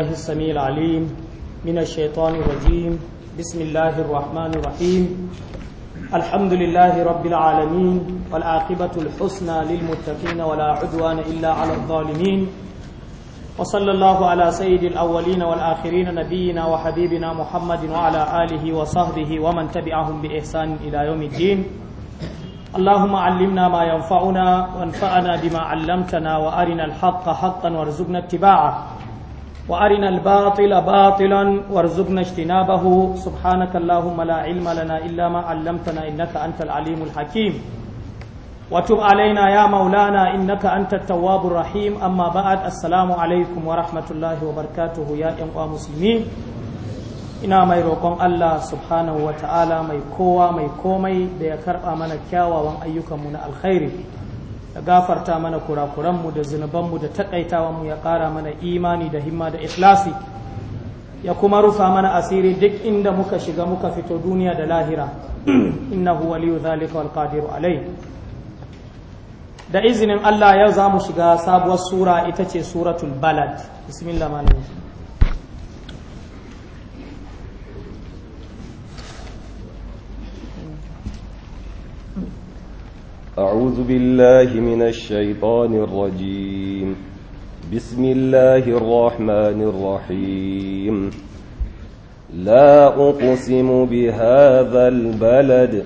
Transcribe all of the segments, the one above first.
الله السميع العليم من الشيطان الرجيم بسم الله الرحمن الرحيم الحمد لله رب العالمين والعاقبة الحسنى للمتقين ولا عدوان إلا على الظالمين وصلى الله على سيد الأولين والآخرين نبينا وحبيبنا محمد وعلى آله وصحبه ومن تبعهم بإحسان إلى يوم الدين اللهم علمنا ما ينفعنا وانفعنا بما علمتنا وأرنا الحق حقا وارزقنا اتباعه وأرنا الباطل باطلا وارزقنا اجتنابه سبحانك اللهم لا علم لنا إلا ما علمتنا إنك أنت العليم الحكيم وتب علينا يا مولانا إنك أنت التواب الرحيم أما بعد السلام عليكم ورحمة الله وبركاته يا أمة مسلمين ina mai roƙon Allah subhanahu wa ta'ala mai kowa mai komai da ya karɓa mana kyawawan ayyukanmu na alkhairi ya gafarta mana kurakuranmu da zunubanmu da taƙaitawanmu ya ƙara mana imani da himma da ikhlasi ya kuma rufa mana asiri duk inda muka shiga muka fito duniya da lahira innahu waliyu zalika wal qadiru alai da izinin Allah yau za mu shiga sabuwar sura ita ce suratul balad bismillah أعوذ بالله من الشيطان الرجيم بسم الله الرحمن الرحيم لا أقسم بهذا البلد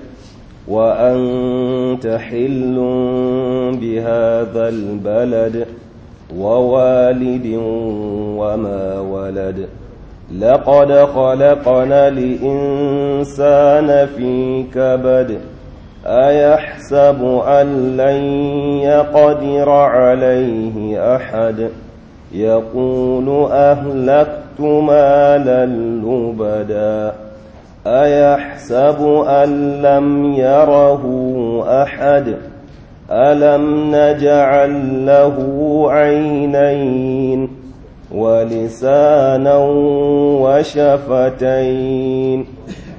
وأنت حل بهذا البلد ووالد وما ولد لقد خلقنا الإنسان في كبد أيحسب أن لن يقدر عليه أحد يقول أهلكت مالا لبدا أيحسب أن لم يره أحد ألم نجعل له عينين ولسانا وشفتين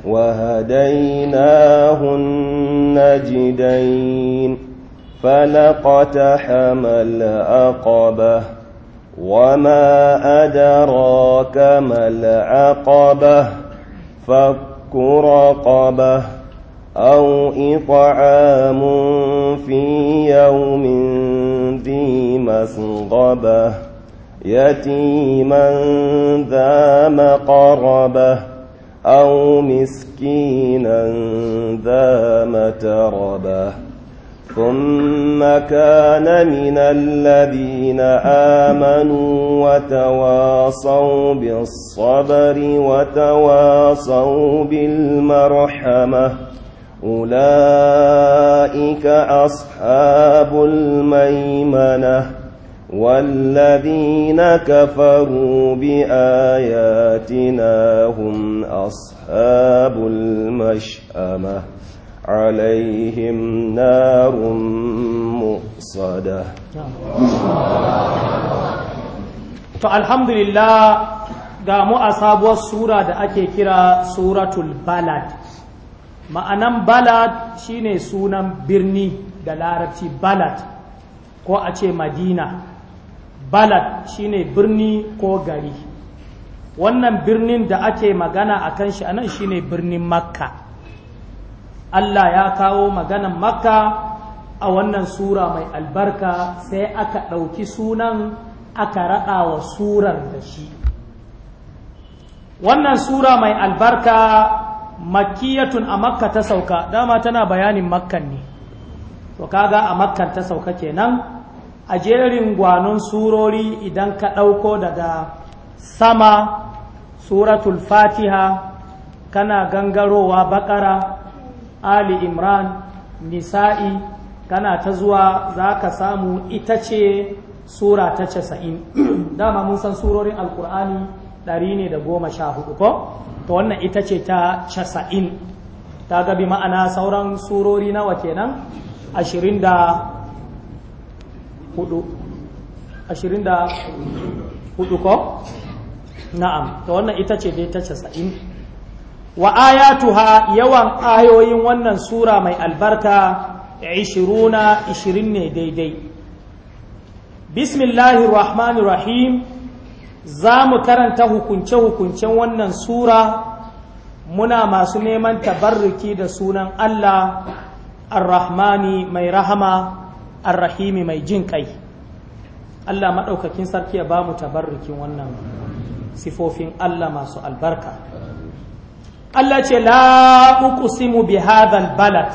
وهديناه النجدين فلقتحم أقبه وما أدراك ما العقبة فك رقبة أو إطعام في يوم ذي مسغبة يتيما ذا مقربه أو مسكينا ذا متربة ثم كان من الذين آمنوا وتواصوا بالصبر وتواصوا بالمرحمة أولئك أصحاب الميمنة والذين كفروا بآياتنا هم أصحاب المشأمة عليهم نار مؤصدة فالحمد لله قاموا أصابوا السورة دا أكي كرا سورة البلد ma'anan balad shine sunan birni da larabci balad ko a ce madina balad shine birni ko gari wannan birnin da ake magana a kan shi anan shine birnin makka Allah ya kawo maganan makka a wannan sura mai albarka sai aka ɗauki sunan aka raɗa wa surar da shi wannan sura mai albarka makiyatun a makka ta sauka dama tana bayanin makkan ne to kaga a makkan ta sauka kenan a jerin gwanon surori idan ka ɗauko daga sama suratul fatiha kana gangarowa bakara ali imran nisa'i kana ta zuwa za ka samu ita ce sura ta casa'in dama mun san surorin alkur'ani ɗari ne da goma sha hudu ko to wannan ita ce ta casa'in ta gabi ma'ana sauran surori nawa kenan ashirin da hudu ashirin da ko na'am to wannan ita ce dai ta casa'in wa ayatuha yawan ayoyin wannan sura mai albarka ishiruna ishirin ne daidai bismillahir rahmanir rahim za mu karanta hukunce-hukuncen wannan sura muna masu neman tabarruki da sunan allah ar-rahmani mai rahama arrahimi mai jin kai Allah maɗaukakin sarki ya ba mu tabarrukin wannan sifofin Allah masu albarka Allah ce la uqsimu bi hadhal balad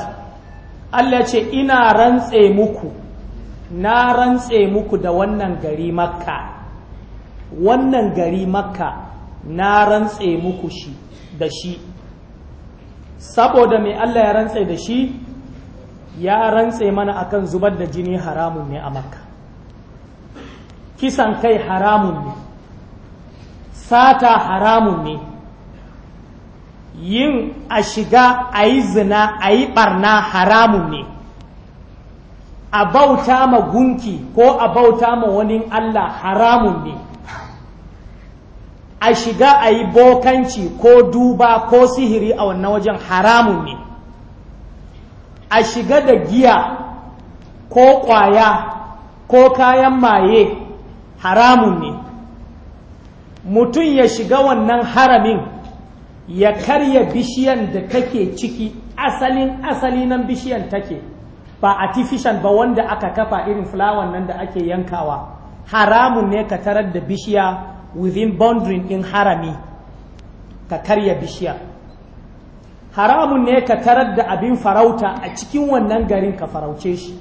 Allah ce ina rantse muku na rantse muku da wannan gari makka wannan gari makka na rantse muku shi da shi saboda mai Allah ya rantse da shi ya rantse mana akan zubar da jini haramun ne a makka kisan kai haramun ne sata haramun ne yin a shiga a yi zina a yi barna haramun ne a bauta ma gunki ko a bauta ma wani Allah haramun ne a shiga a yi bokanci ko duba ko sihiri a wannan wajen haramun ne a shiga da giya ko ƙwaya ko kayan maye haramun ne mutum ya shiga wannan haramin ya karya bishiyan da take ciki asalin asalinan bishiyan take ba artificial ba wanda aka kafa irin fulawan nan da ake yankawa haramun ne ka tarar da bishiya within boundary in harami ka karya bishiya haramun ne ka tarar da abin farauta a cikin wannan garin ka farauce shi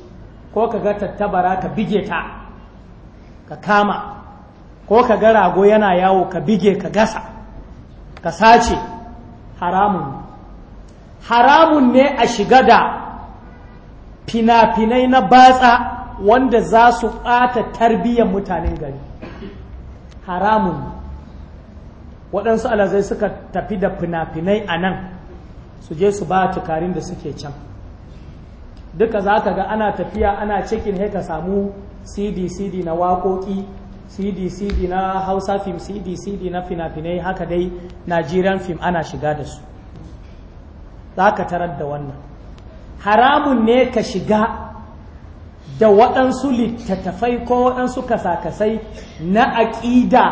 ko ka ga tattabara ka bige ta ka kama ko ka ga rago yana yawo ka bige ka gasa ka sace haramun ne. haramun ne a shiga da fina-finai na batsa wanda za su ɓata tarbiyyar mutanen gari haramun waɗansu alazai suka tafi da fina-finai a nan su je su ba tukarin da suke can duka za ka ga ana tafiya ana cikin haika samu cd cd na waƙoƙi cd cd na hausa fim cd cd na finafinai haka dai nigerian fim ana shiga da su za ka tarar da wannan haramun ne ka shiga da waɗansu littattafai ko waɗansu kasakasai na aƙida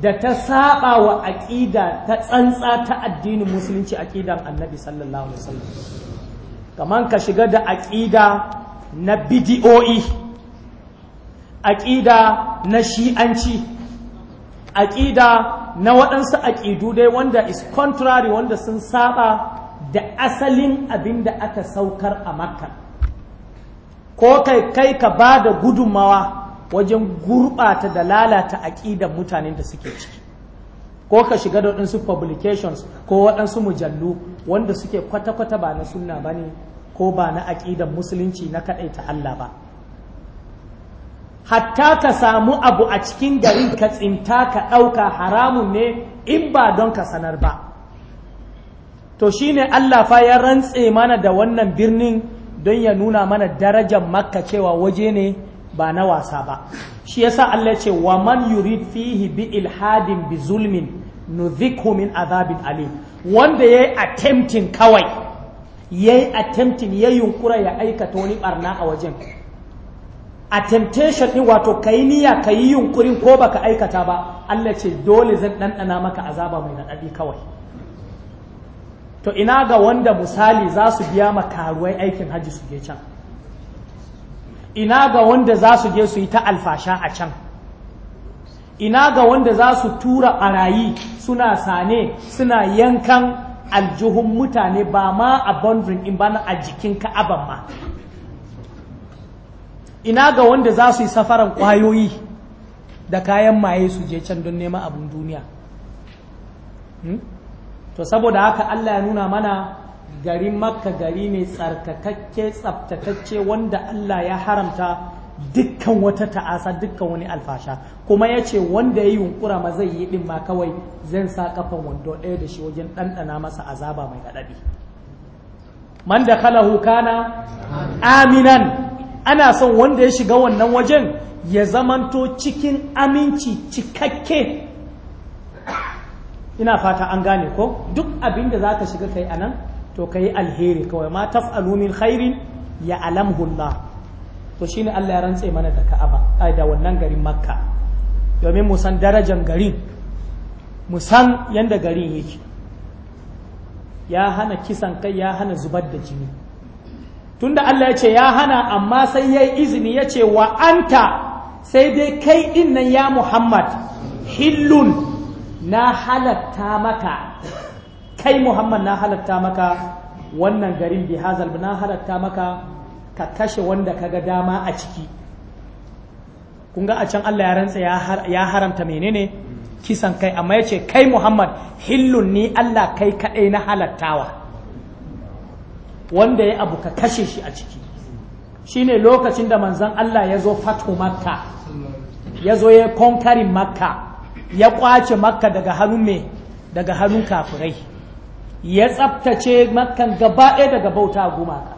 da ta saba wa aƙida ta tsantsa ta addinin musulunci aƙidan annabi sallallahu alaihi wasallam kaman ka shiga da aƙida na bidiyoyi aƙida na shi'anci aƙida na waɗansu aƙidu dai wanda is contrary wanda sun saba da asalin abin da aka saukar a makka ko kai kai ka ba da gudunmawa wajen gurɓata da lalata aƙidan mutanen da suke ciki ko ka shiga da waɗansu publications ko waɗansu mujallu wanda suke kwata-kwata ba na sunna ba ne ko ba na aƙidan musulunci na kaɗai ta Allah ba hatta ka samu abu a cikin garin ka tsinta ka ɗauka haramun ne in ba don ka sanar ba to shine Allah fa ya rantse mana da wannan birnin don ya nuna mana darajar makka cewa waje ne ba na wasa ba shi yasa Allah ce wa man yurid fihi bi ilhadin bi zulmin nudhikhu min azabin alim wanda yayi attempting kawai yayi attempting ya yunkura ya aikata wani barna a wajen a temptation din wato kai niyya kai yunkurin ko baka aikata ba Allah ce dole zan dandana maka azaba mai nadadi kawai to ina ga wanda misali za su biya karuwai aikin hajji su je can ina ga wanda za su je su yi ta alfasha a can ina ga wanda za su tura ɓarayi suna sane suna yankan aljihun mutane ba ma a bandrin in ba a jikin ka'aban ma ina ga wanda za su yi safaran kwayoyi da kayan maye su je can don neman abin duniya hmm? to saboda haka Allah ya nuna mana garin makka gari ne tsarkakakke tsaftatacce wanda Allah ya haramta dukkan wata ta'asa dukkan wani alfasha kuma ya ce wanda ya yi yunkura ma zai yi din ma kawai zan sa kafan wando ɗaya da shi wajen ɗanɗana masa azaba mai gaɗaɗi man da kala kana aminan ana son wanda ya shiga wannan wajen ya zamanto cikin aminci cikakke ina fata an gane ko duk abin da za ka shiga kai anan to ka yi alheri kawai ma taf min khairin ya alamhu Allah to shine Allah ya rantse mana da Ka'aba ai da wannan garin Makka domin mu san darajar garin mu san yanda garin yake ya hana kisan kai ya hana zubar da jini tunda Allah ya ce ya hana amma sai ya yi izini ya ce wa anta sai dai kai din nan ya Muhammad hillun na halatta maka kai muhammad na halatta maka wannan garin bihazal na halatta maka ka kashe wanda ka ga dama a ciki kun ga a can allah ya rantsa ya haramta menene kisan kai amma ya ce kai muhammad hillun ni allah kai kaɗai na halattawa wanda ya abu ka kashe shi a ciki Shi ne lokacin da manzan allah ya zo fatu makka ya zo ya konkarin makka ya kwace makka daga daga hannun kafirai ya tsabtace makkan gaba ɗaya daga bauta gumaka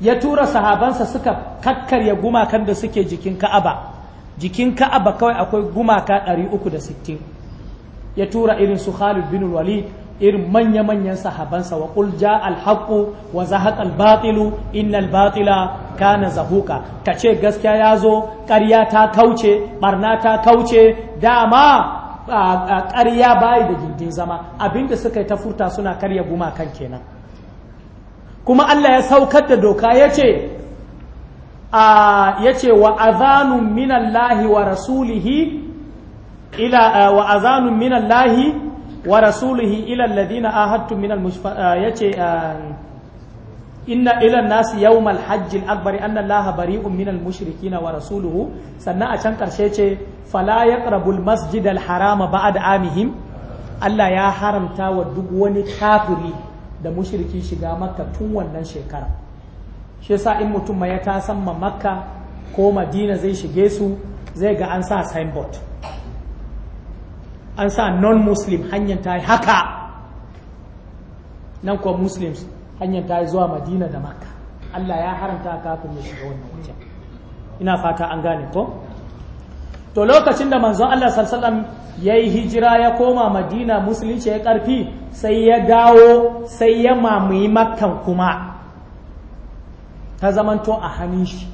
ya tura sahabansa suka kakkarya gumakan da suke jikin ka'aba jikin ka'aba kawai akwai gumaka 360 ya tura irin su khalid bin walid irin manya-manyan sahabansa wa qul ja alhaqu wa zahaqa albatilu innal batila kana zahuka kace gaskiya yazo ƙarya ta kauce barna ta kauce dama ƙarya bayi da gindin zama abinda suka yi ta furta suna karya gumakan kenan kuma Allah ya saukar da doka ya ce ya ce wa azanun minallahi wa rasulihi ila wa azanun minallahi wa rasulihi ila alladhina ahadtum minal yace inna ilan nasi yawmal hajjil akbari anna Allah bari'un minal mushrikina wa rasuluhu sannan a can karshe ce fala yaqrabul masjidal harama ba'da amihim Allah ya haramta wa duk wani kafiri da mushriki shiga makka tun wannan shekara shi yasa in mutum san tasamma makka ko madina zai shige su zai ga an sa signboard an sa non-muslim hanyar ta haka nan kuwa muslims hanyar ta yi zuwa madina da maka allah ya haramta kafin ya shiga wannan wajen ina fata an gane ko to lokacin da manzon allah sallallahu ya yi hijira ya koma madina musulunci ya karfi sai ya dawo sai ya mamuyi makkan kuma ta zamanto a hannun shi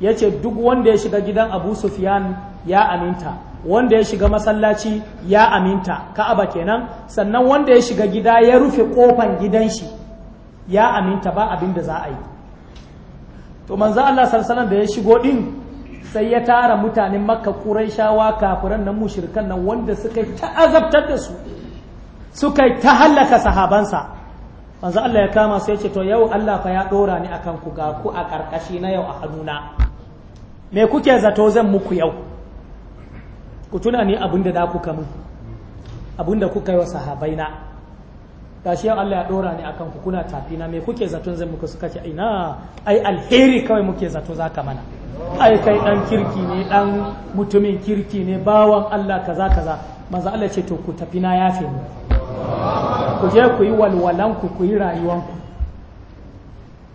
ya duk wanda ya shiga gidan abu sufyan ya aminta wanda ya shiga masallaci ya aminta ka'aba kenan sannan wanda ya shiga gida ya rufe kofan gidan shi ya aminta ba abin da za a yi to manzo Allah sallallahu da ya shigo din sai ya tara mutanen makka quraishawa kafiran nan mushrikan nan wanda suka ta'azabtar da su suka ta halaka sahabansa manzo Allah ya kama sai ya ce to yau Allah fa ya dora ni akan ku ga ku a karkashi na yau a hannuna me kuke zato zan muku yau ku tuna ni abinda da kuka mun abinda kuka yi wa sahabai na gashi yau Allah ya dora ni akan ku kuna tafi na me kuke zaton zan muku suka ce ina ai alheri kawai muke zato ka mana ai kai dan kirki ne dan mutumin kirki ne bawan Allah kaza kaza manzo Allah ce to ku tafi na yafe mu ku je ku yi walwalan ku ku yi rayuwan ku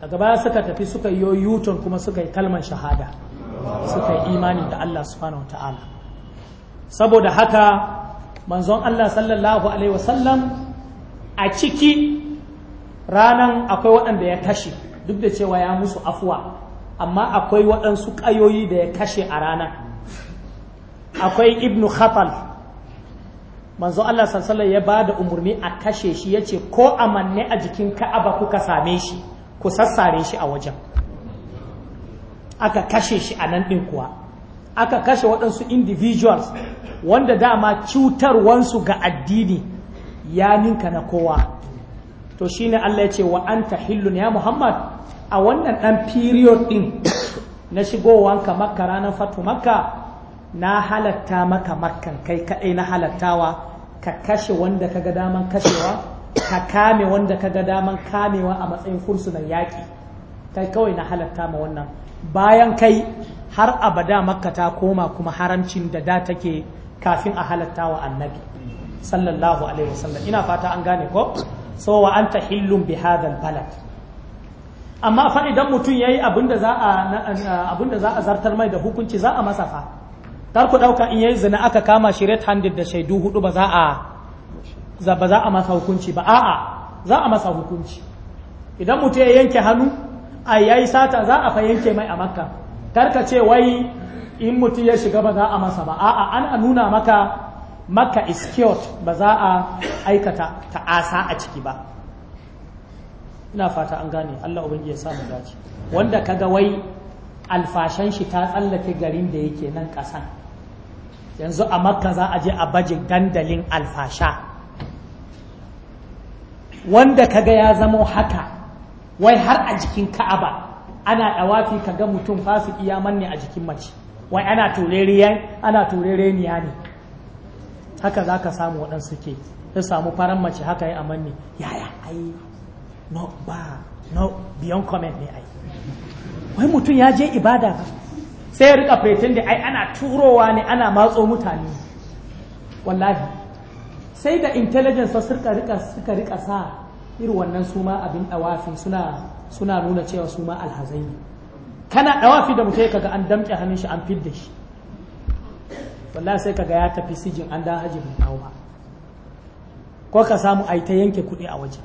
daga baya suka tafi suka yi yuton kuma suka yi kalman shahada suka yi imani da Allah subhanahu wataala saboda haka manzon Allah sallallahu alaihi wasallam a ciki ranan akwai waɗanda ya kashe duk da cewa ya musu afuwa amma akwai waɗansu ƙayoyi da ya kashe a rana. akwai ibnu khatal manzo Allah sallallahu ya ba da umarni a kashe shi ya ce ko amanne a jikin ka'aba kuka same shi ku sassare shi a wajen aka kashe shi a nan ɗin kuwa aka kashe waɗansu individuals wanda dama cutarwansu ga addini ya ninka na kowa to shi ne Allah ya ce wa an hillun ya Muhammad a wannan ɗan period ɗin na shigowanka makka ranar fatu makka na halatta maka makkan kai kaɗai na halattawa ka kashe wanda kaga daman kashewa ka kame wanda kaga daman kamewa a matsayin fursunan yaƙi kai kawai na halatta ma wannan bayan kai har abada makka ta koma kuma haramcin da da take kafin a halatta wa annabi sallallahu alaihi wasallam ina fata an gane ko so wa anta hillum bi hadha balad amma fa idan mutum yayi abinda za a abinda za a zartar mai da hukunci za a masa fa kar ku dauka in yayi zina aka kama shi red handed da shaidu hudu ba za a ba za a masa hukunci ba a'a za a masa hukunci idan mutum ya yanke hannu a yayi sata za a fa yanke mai a makka karka ce wai in mutum ya shiga ba za a masa ba a'a ana nuna maka maka iskiyot ba za a aikata ta'asa a ciki ba ina fata an gane Allah ubangiji ya samu dace wanda kaga wai alfashan shi ta tsallake garin da yake nan kasan yanzu a makka za a je a baje dandalin alfasha wanda kaga ya zamo haka wai har a jikin ka'aba ana ɗawafi ka ga mutum fasiki ya manne a jikin mace wai ana turereniya ana ya ne haka za ka samu waɗansu ke sai samu faran mace haka yi a manne yaya ai no ba no beyond comment ne ai wai mutum ya je ibada ba sai ya rika fetin da ai ana turowa ne ana matso mutane wallahi sai da intelligence suka rika rika sa irin wannan suma abin dawafin suna suna nuna cewa su ma alhazai ne kana dawafi da mutai kaga an damke hannun shi an fidda shi wallahi sai kaga ya tafi sijin an da haji bai ko ka samu ai ta yanke kuɗi a waje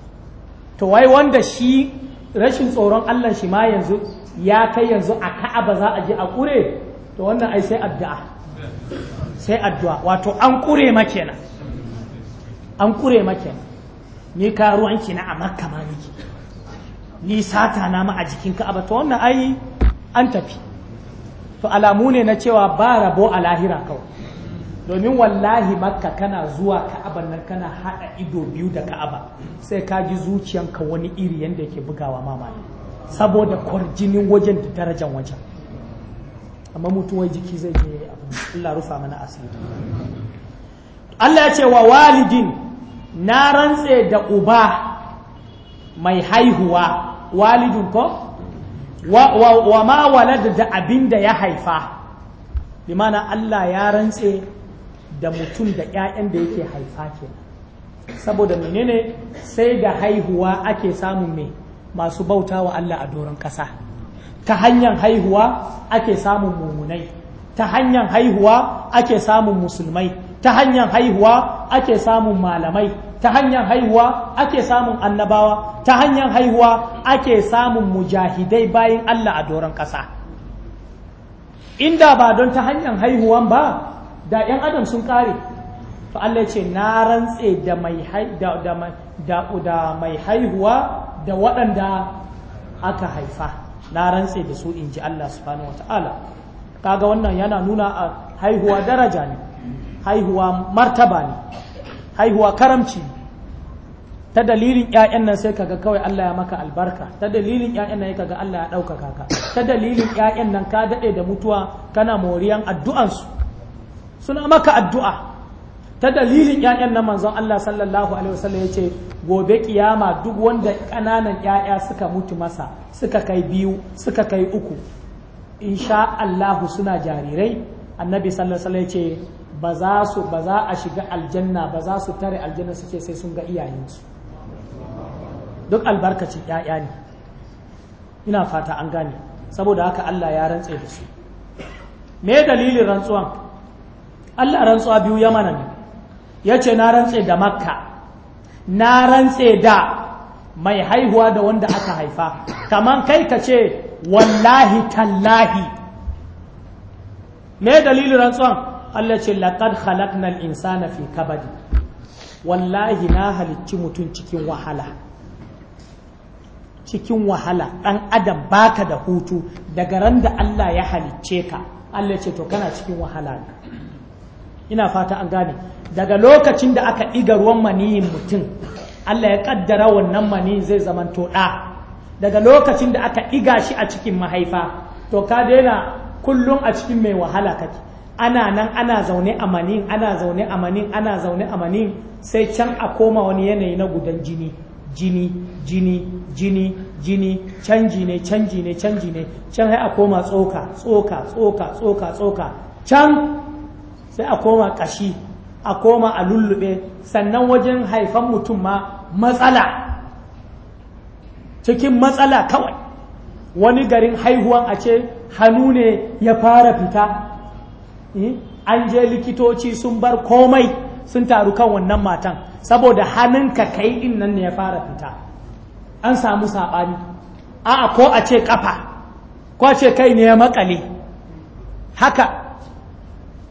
to wai wanda shi rashin tsoron Allah shi ma yanzu ya kai yanzu a ka'aba za a je a kure to wannan ai sai addu'a sai addu'a wato an kure ma kenan an kure ma kenan ni ruwanki na a makka ma nake ni sata na ma a jikin ka'aba to wannan ai an tafi to alamu ne na cewa ba rabo a lahira kawai domin wallahi makka kana zuwa ka'aban nan kana haɗa ido biyu da ka'aba sai ka ji zuciyanka wani iri yadda yake bugawa mamaki saboda kwarjinin wajen da darajan wajen amma mutuwar jiki zai je Allah rufa mana asiri Allah ya ce wa walidin na rantse da uba mai haihuwa walidun ko wa ma walad da abin da ya haifa bi mana Allah ya rantse da mutum da ‘ya'yan da yake haifa ke saboda menene sai da haihuwa ake samun me masu bauta wa Allah a doron ƙasa ta hanyar haihuwa ake samun mumunai ta hanyar haihuwa ake samun musulmai ta hanyar haihuwa ake samun malamai ta hanyar haihuwa ake samun annabawa ta hanyar haihuwa ake samun mujahidai bayan Allah a doron ƙasa inda ba don ta hanyar haihuwan ba da 'yan adam sun ƙare to Allah ce na rantse da mai haihuwa da waɗanda aka haifa na rantse da su inji Allah subhanahu wa ta'ala kaga wannan yana nuna a haihuwa daraja ne haihuwa martaba ne haihuwa karamci ta dalilin ƴaƴan nan sai kaga kawai Allah ya maka albarka ta dalilin ƴaƴan nan kaga Allah ya ɗaukaka ka ta dalilin ƴaƴan nan ka daɗe da mutuwa kana moriyan addu'an su suna maka addu'a ta dalilin ƴaƴan nan manzon Allah sallallahu alaihi wasallam yace gobe kiyama duk wanda ƙananan ƴaƴa suka mutu masa suka kai biyu suka kai uku insha Allah suna jarirai annabi sallallahu alaihi wasallam yace ba za su ba za a shiga aljanna ba za su tare aljanna suke sai sun ga iyayensu duk albarkacin ‘ya'ya ne ina fata an gane saboda haka Allah ya rantse da su me dalilin rantsuwan Allah rantsuwa biyu ya mana ne ya ce na rantse da makka na rantse da mai haihuwa da wanda aka haifa kaman kai ka ce wallahi tallahi me dalilin rantsuwan Allah ce laqad khalaqnal insana fi kabadi wallahi na halicci mutum cikin wahala cikin wahala dan adam baka da hutu daga ran da Allah ya halicce ka Allah ce to kana cikin wahala ne ina fata an gane daga lokacin da aka ɗiga ruwan maniyin mutum Allah ya kaddara wannan mani zai zaman ɗa daga lokacin da aka ɗiga shi a cikin mahaifa to ka daina kullum a cikin mai wahala kake ana nan ana zaune a manin ana zaune a manin ana zaune a manin sai can a koma wani yanayi na gudan jini jini jini jini jini canji ne canji ne canji ne can sai a koma tsoka tsoka tsoka tsoka tsoka can sai a koma kashi a koma a lullube sannan wajen haifan mutum ma matsala cikin matsala kawai wani garin haihuwan a ce hannu ne ya fara fita Hmm? an je likitoci sun bar komai sun taru kan wannan matan saboda hannunka kai din nan ne ya fara fita an samu saɓani a'a ko a ce ƙafa ko a ce kai ne ya makale haka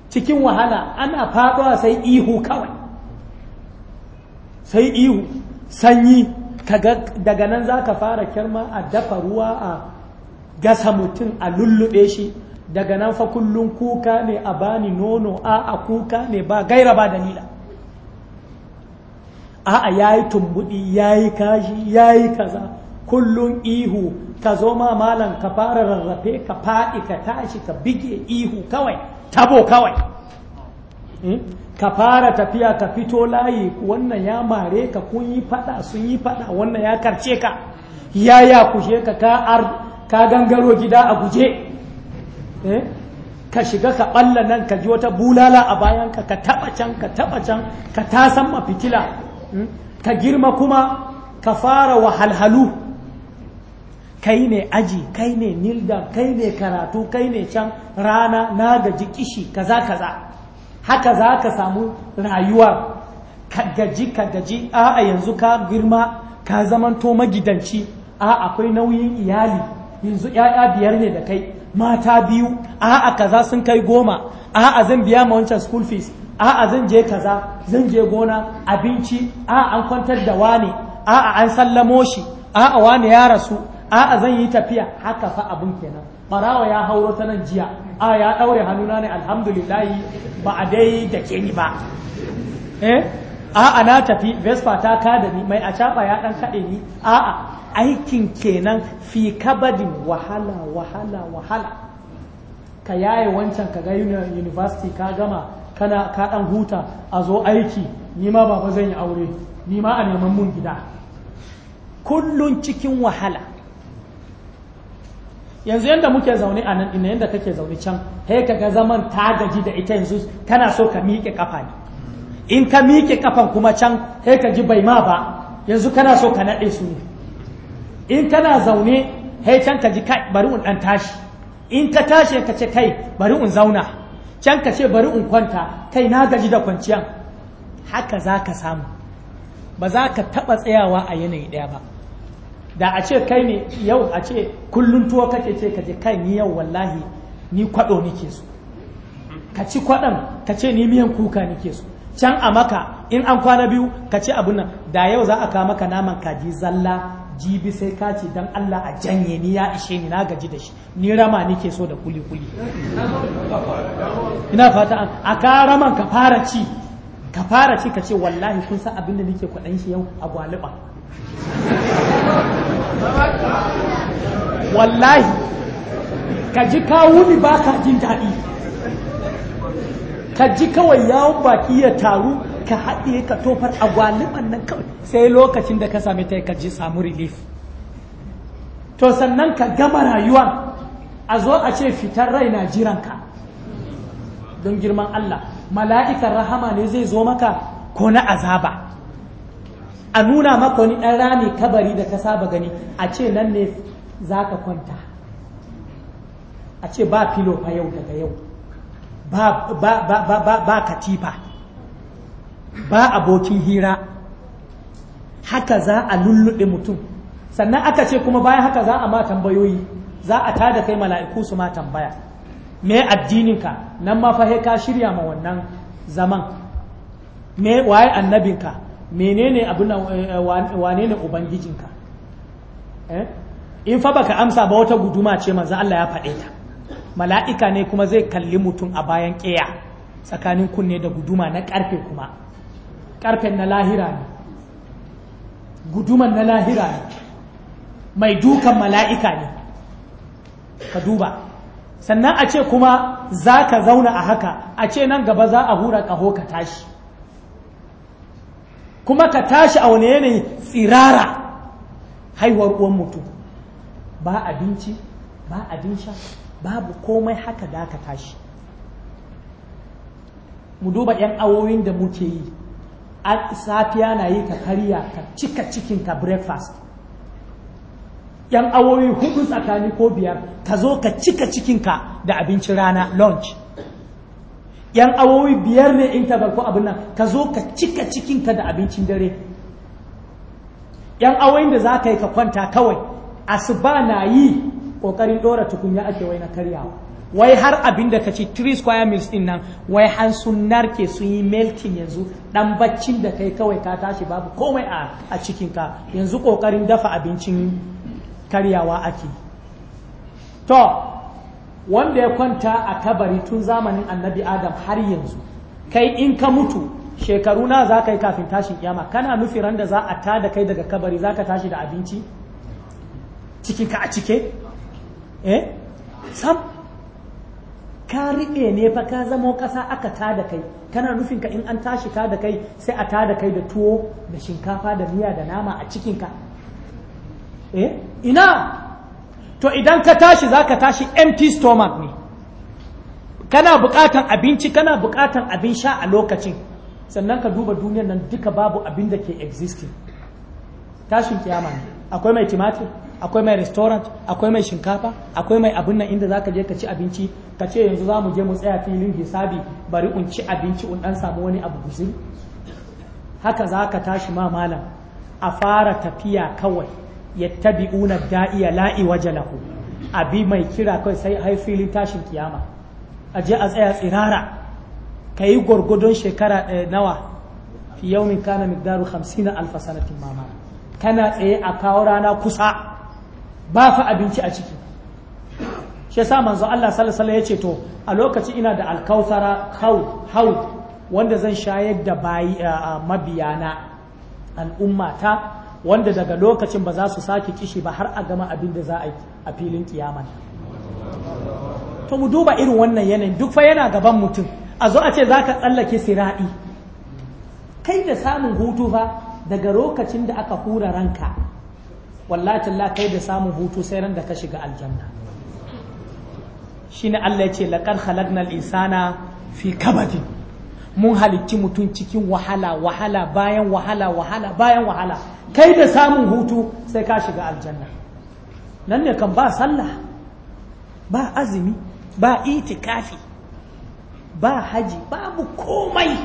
cikin wahala ana faɗowa sai ihu kawai sai ihu sanyi daga nan za ka fara kirma a dafa ruwa a gasa mutum a lullube shi daga nan fa kullun kuka ne a bani nono a a kuka ne ba gaira ba dalila a a ya yi tumbuɗi ya yi kashi ya yi kaza kullum ihu ka zo ma malam ka fara rarrafe ka faɗi ka tashi ka bige ihu kawai tabo kawai hmm? ka fara tafiya ka fito layi wannan ya mare ka kun yi fada sun yi fada wannan ya karce ka ya ya kushe ka ka gangaro gida a guje Eh? ka shiga ka ɓalla nan ka ji wata bulala a bayan ka taɓa can ka taɓa can ka tasan mafitila hmm? ka girma kuma ka fara wahalhalu kai ne aji kai ne nilda kai ne karatu kai ne can rana na gaji kishi kaza kaza haka za ka samu rayuwa ka gaji ka gaji a yanzu ka girma ka zamanto magidanci a akwai nauyin iyali yanzu 'ya'ya biyar ne da kai mata biyu a'a kaza sun kai goma a'a zan biya ma wancan school fees a'a zan je kaza zan je gona abinci a'a an kwantar da wane a'a an sallamo shi a'a wane ya rasu a'a zan yi tafiya haka fa abun kenan barawa ya hauro ta nan jiya a ya daure hannuna ne alhamdulillahi ba a dai da ke ni ba eh a'a na tafi vespa ta ka da ni mai acafa ya dan kade ni a'a aikin kenan fi kabadin wahala wahala wahala ka yaye wancan ka ga university ka gama kana ka dan huta a zo aiki ni ma baba zan yi aure ni ma a neman mun gida kullun cikin wahala yanzu yadda muke zaune a nan ina yadda kake zaune can sai ka ga zaman ta gaji da ita yanzu kana so ka miƙe kafa ne in ka miƙe kafan kuma can sai ka ji bai ma ba yanzu kana so ka naɗe su in kana zaune sai can ka ji kai bari in ɗan tashi in ka tashi ka ce kai bari in zauna can ka ce bari in kwanta kai na gaji da kwanciyan haka za ka samu ba za ka taɓa tsayawa a yanayi ɗaya ba da a ce kai ne yau a ce kullum tuwo kake ce ka ce kai ni yau wallahi ni kwaɗo nake so ka ci kwaɗon ka ce ni miyan kuka nake so can a maka in an kwana biyu ka ci abin nan da yau za a kawo maka naman kaji zalla jibi sai ka ce dan Allah a janye ni ya ishe ni na gaji da shi ni rama nike so da kuli kuli ina fata a ka raman ka fara ci ka fara ci ka ce wallahi kun san abin da nake kwaɗan shi yau a gwaliba wallahi ka ji ka wuni ba ka jin daɗi ka ji kawai yawon baki ya taru ka haɗe ka tofar a gwaliban nan kawai sai lokacin da ka sami ta ka ji samu relief to sannan ka gama rayuwa a zo a ce fitar rai na jiran ka don girman Allah mala'ikan rahama ne zai zo maka ko na azaba a nuna maka wani ɗan rami kabari da ka saba gani a ce nan ne za ka kwanta a ce ba filo fa yau daga yau ba katifa ba abokin hira haka za a lulluɗe mutum sannan aka ce kuma bayan haka za a ma tambayoyi za a tada kai mala'iku su ma tambaya me addininka nan ma ka shirya ma wannan zaman me waye annabinka menene abin eh, wane ne ubangijinka eh? in fa baka amsa ba wata guduma ce manzo Allah ya faɗe ta mala'ika ne kuma zai kalli mutum a bayan ƙeya tsakanin kunne da guduma na ƙarfe kuma ƙarfen na lahira ne guduman na lahira ne mai dukan mala'ika ne ka duba sannan a ce kuma za ka zauna a haka a ce nan gaba za a hura ƙaho ka tashi kuma ka tashi a wani yanayi tsirara haihuwar uwan mutum ba abinci ba abin sha babu komai haka da ka tashi mu duba 'yan awowin da muke yi a safiya na yi ka karya ka cika cikin ka breakfast yan awowi hudu tsakani ko biyar ka zo ka cika cikin ka da abincin rana lunch yan awowi biyar ne in ko abin nan ka zo ka cika cikin ka da abincin dare yan awoyin da za ka yi ka kwanta kawai asuba na yi kokarin dora tukunya ake wai na karyawa wai har abin da ci 3 square meals din nan wai han sun narke sun yi melting yanzu dan baccin da kai kawai ka tashi babu komai a a cikin ka yanzu kokarin dafa abincin karyawa ake to wanda ya kwanta a kabari tun zamanin annabi adam har yanzu kai in ka mutu shekaru na za ka yi kafin tashin kiyama kana nufi ran da za a tada kai daga kabari za ka tashi da abinci cikin ka a cike eh sam ka riƙe ne fa ka zamo ƙasa aka ta da kai kana nufin ka in an tashi ta da kai sai a ta da kai da tuwo da shinkafa da miya da nama a cikinka eh ina to idan ka tashi zaka tashi empty stomach ne kana buƙatan abinci kana buƙatan abin sha a lokacin sannan ka duba duniyar nan duka babu abin da ke existing tashin kiyama ne akwai mai timatir akwai mai restaurant akwai mai shinkafa akwai mai abin nan inda zaka je ka ci abinci ka ce yanzu za mu je mu tsaya filin hisabi bari un ci abinci un dan samu wani abu guzi haka za ka tashi ma malam a fara tafiya kawai ya tabi una da'iya la'i waje lahu abi mai kira kawai sai hai filin tashin kiyama a je a tsaya tsirara ka yi gwargwadon shekara eh, nawa fi yaumin kana migdaru hamsin alfa sanatin mama kana tsaye a kawo rana kusa ba fa abinci a ciki shi sa manzo Allah sallallahu ya ce to a lokaci ina da alkausara hau hau wanda zan shayar da bayi mabiyana al'ummata wanda daga lokacin ba za su sake kishi ba har a gama abin da za a yi a filin kiyama to mu duba irin wannan yanayin duk fa yana gaban mutum a zo a ce za ka tsallake sira'i kai da samun hutu fa daga lokacin da aka hura ranka wallahi la kai da samun hutu sai ran da ka shiga aljanna shine Allah ya ce laqad khalaqnal insana fi kabadin mun halicci mutum cikin wahala wahala bayan wahala wahala bayan wahala kai da samun hutu sai ka shiga aljanna nan ne kan ba sallah ba azumi ba itikafi ba haji babu komai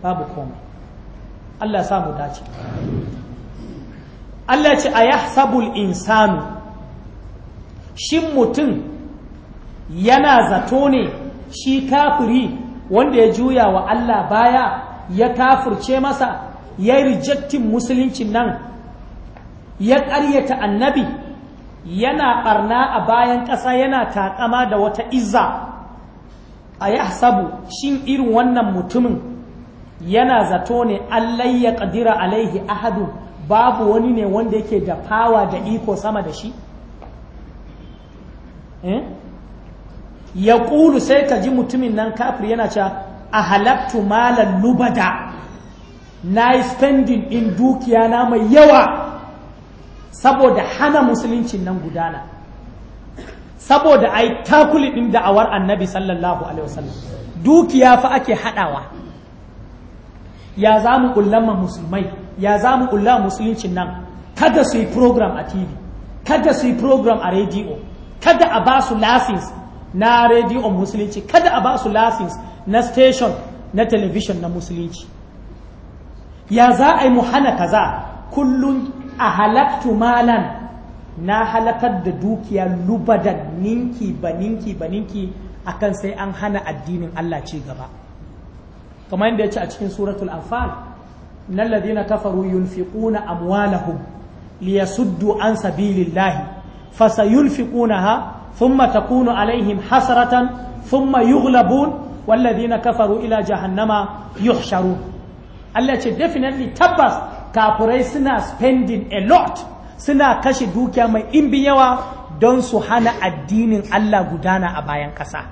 babu komai Allah ya samu dace Allah ce a yahsabul insanu shin mutum yana zato ne shi kafiri wanda ya juya wa Allah baya ya kafirce masa ya rejectin musulunci nan ya ƙaryata annabi yana ɓarna a bayan ƙasa yana taƙama da wata izza a yahsabu shin irin wannan mutumin yana zato ne Allah ya ƙadira alaihi ahadu babu wani ne wanda yake da fawa da iko sama da shi eh? ya ƙulu sai ka ji mutumin nan kafir yana cewa a halattu malar lubada na yi standing in dukiya na mai yawa saboda hana musuluncin nan gudana saboda a yi takuli ɗin da'awar annabi sallallahu alaihi wasallam dukiya fa ake haɗawa ya za mu ƙullan musulmai ya za mu ƙulla musuluncin nan kada su yi program a tv kada su yi program a rediyo kada a ba su license na rediyo musulunci kada a ba su license na station na television na musulunci ya za a yi mu hana kaza kullum a halattu malan na halakar da dukiya lubadan ninki ba ninki ba ninki akan sai an hana addinin Allah ci gaba kamar yadda ya ci a cikin suratul anfal Nalladina kafaru yunfiquna amwalahum liyasuddu an sabilillahi fasayunfiqunaha thumma takunu alaihim hasratan thumma yughlabun walladina kafaru ila jahannama yuhsharun Allah ce definitely tabbas kafurai suna spending a lot suna kashe dukiya mai imbi yawa don su hana addinin Allah gudana a bayan kasa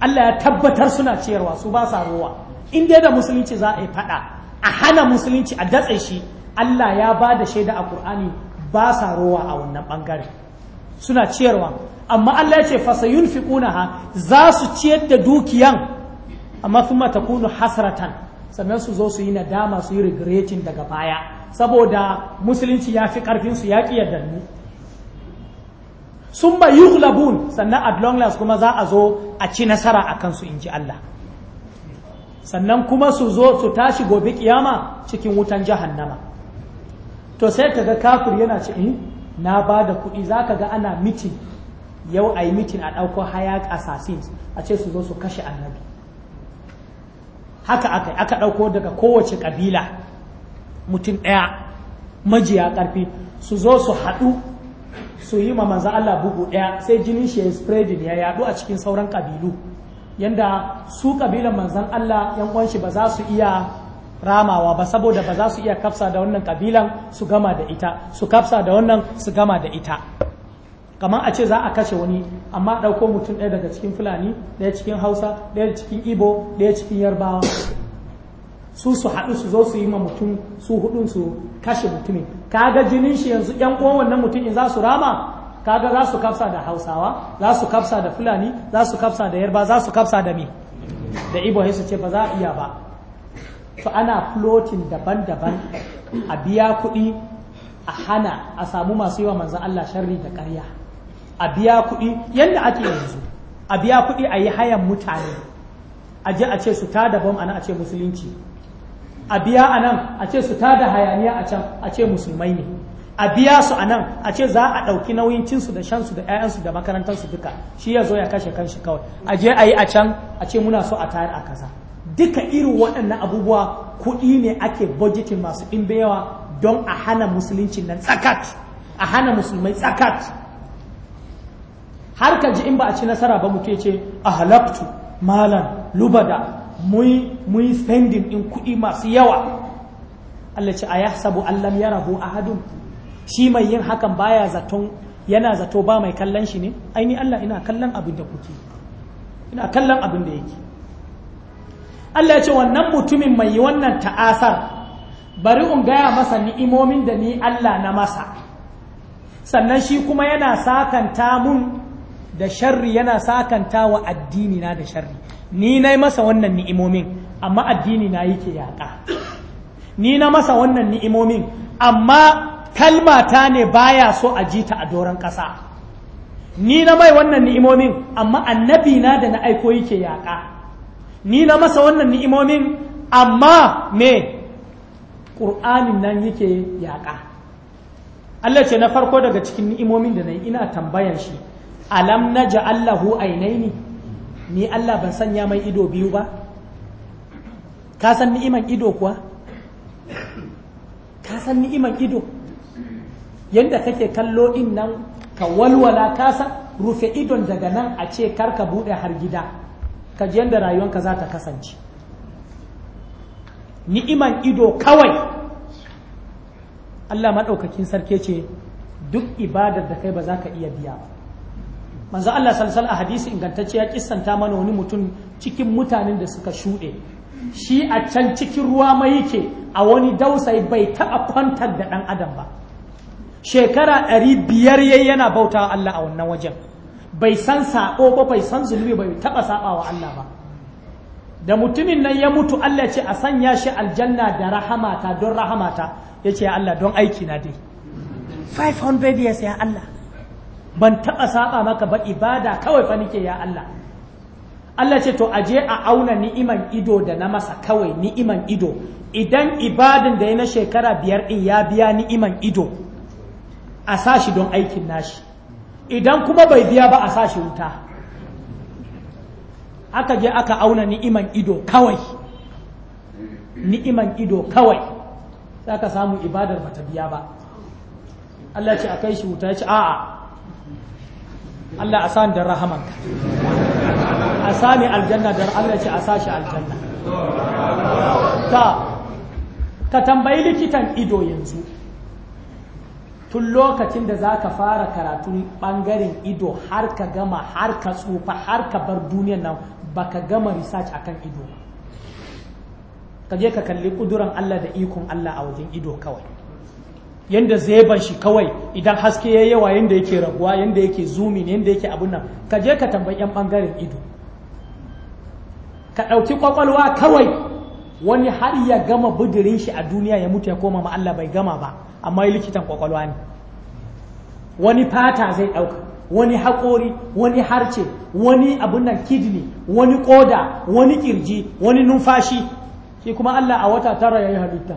Allah ya tabbatar suna ciyarwa su ba sa ruwa in dai da musulunci za a yi faɗa a hana musulunci a datse shi Allah ya ba da shaida a Qur'ani ba sa rowa a wannan bangare suna ciyarwa amma Allah ya ce fasayunfiqunaha za su ciyar da dukiyan amma ta kunu hasratan sannan su zo su yi nadama su yi regretting daga baya saboda musulunci ya fi karfin su ya ki ni sun summa yughlabun sannan at long last kuma za a zo a ci nasara akan su inji Allah sannan kuma su zo su tashi gobe kiyama cikin wutan jahannama to sai kaga kafir yana ce in eh, na ba da kuɗi za ka ga ana mitin yau a yi mitin a ɗauko hayak assassins a ce su zo su kashe annabi haka aka aka ɗauko daga kowace ƙabila mutum ɗaya majiya ƙarfi su zo su haɗu su yi ma manzo Allah bugu ɗaya sai jinin shi ya spreading ya yaɗu a cikin sauran ƙabilu yanda su kabilan manzan Allah yan shi ba za su iya ramawa ba saboda ba za su iya kafsa da wannan kabilan su gama da ita su kafsa da wannan su gama da ita kamar a ce za a kashe wani amma ɗauko mutum ɗaya daga cikin fulani ɗaya cikin hausa ɗaya cikin ibo ɗaya cikin yarbawa su su haɗu su zo su yi ma mutum su hudun su kashe mutumin ga jinin shi yanzu yan uwan wannan mutum in za su rama kaga za su kafsa da hausawa za su kafsa da fulani za su kafsa da yarba za su kafsa da me da ibo su ce ba za a iya ba to ana floating daban-daban a biya kuɗi a hana a samu masu yawa manzan Allah sharri da ƙarya a biya kuɗi yadda ake yanzu a biya kuɗi a yi hayan mutane a je a ce su da bom a nan a ce musulunci a biya a nan a ce su ta da hayaniya a can a ce musulmai ne a biya su a nan a ce za a ɗauki nauyin cinsu da shansu da 'ya'yansu da makarantarsu duka shi ya zo ya kashe kanshi kawai a je a yi a can a ce muna so a tayar a kaza duka irin waɗannan abubuwa kuɗi ne ake budgetin masu in yawa don a hana musulunci nan tsakat a hana musulmai tsakat har ka ji in ba a ci nasara ba muke ce a halabtu malam lubada mun yi spending in kuɗi masu yawa Allah ce a ya allam a ahadun shi mai yin hakan baya zaton yana zato ba mai kallon shi ne aini Allah ina kallon abin da kuke ina kallon abin da yake Allah ya ce wannan mutumin mai yi wannan ta'asar bari in gaya masa ni'imomin da ni Allah na masa sannan shi kuma yana sakanta mun da sharri yana sakanta wa addini na da sharri ni nai masa wannan ni'imomin amma addini na yake yaka. ni na masa wannan ni'imomin amma Kalmata ta ne baya so a ji ta a doron ƙasa ni na mai wannan ni'imomin amma annabi na da na aiko yake yaƙa ni na masa wannan ni'imomin amma me ƙur'anin nan yake yaƙa Allah ce na farko daga cikin ni'imomin da na yi ina tambayan shi alam na allahu ainaini ni Allah ban sanya mai ido biyu ba ka san ni'iman ido kuwa ka san ni'iman ido yadda kake kallo in nan ka walwala kasa rufe idon daga nan a ce kar ka buɗe har gida ka ji yadda rayuwanka za ta kasance ni'iman ido kawai Allah maɗaukakin sarki ce duk ibadar da kai ba za ka iya biya ba manzo Allah salsal a hadisi ingantacce ya kissanta mana wani mutum cikin mutanen da suka shuɗe shi a can cikin ruwa mai yake a wani dausayi bai taɓa kwantar da ɗan adam ba shekara ɗari biyar yayi yana bauta Allah a wannan wajen bai san saƙo ba bai san zunubi bai taɓa saɓa wa Allah ba da mutumin nan ya mutu Allah ce a sanya shi aljanna da rahamata don rahamata ya ce ya Allah don aiki na dai 500 years ya Allah ban taɓa saɓa maka ba ibada kawai fa nike ya Allah Allah ce to aje a auna ni'iman ido da na masa kawai ni'iman ido idan ibadin da ya na shekara biyar ɗin ya biya ni'iman ido a sashi don aikin nashi idan kuma bai biya ba a sashi wuta aka je aka auna ni'iman ido kawai ni'iman ido kawai za ka samu ibadar bata biya ba Allah ce a kai shi wuta ya ce a'a Allah a sani da rahamanka a sani aljanna da Allah ce a sashi aljanna ta ka tambayi likitan ido yanzu tun lokacin da za ka fara karatun bangaren ido har ka gama har ka tsufa har ka bar duniyan nan ba ka gama research akan ido ka je ka kalli ƙuduran Allah da ikon Allah a wajen ido kawai yanda zeban shi kawai idan haske ya yawa yadda yake raguwa yadda yake zumi ne yadda yake abun nan ka je ka tambayi yan bangaren ido ka ɗauki kwakwalwa, kawai wani har ya gama budurin shi a duniya ya mutu ya koma ma Allah bai gama ba amma likitan kwakwalwa ne wani fata zai ɗauka wani haƙori wani harce wani abun nan kidney wani ƙoda wani ƙirji wani numfashi shi kuma Allah a wata tara ya yi halitta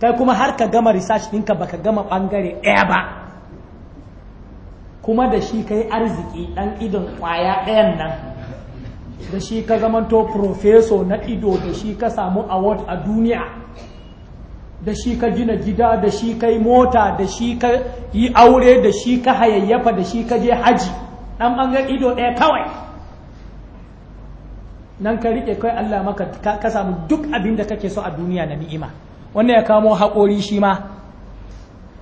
kai kuma har ka gama research ɗinka baka gama ɓangare ɗaya ba kuma da shi ka yi arziki ɗan idon ƙwaya ɗayan nan da shi ka zamanto profeso na ido da shi ka samu award a duniya da shi ka gina gida da shi ka yi mota da shi ka yi aure da shi ka hayayyafa da shi ka je haji ɗan ɓangar ido ɗaya kawai nan ka riƙe kai Allah maka ka samu duk abin da kake so a duniya na ni'ima wannan ya kamo haƙori shi ma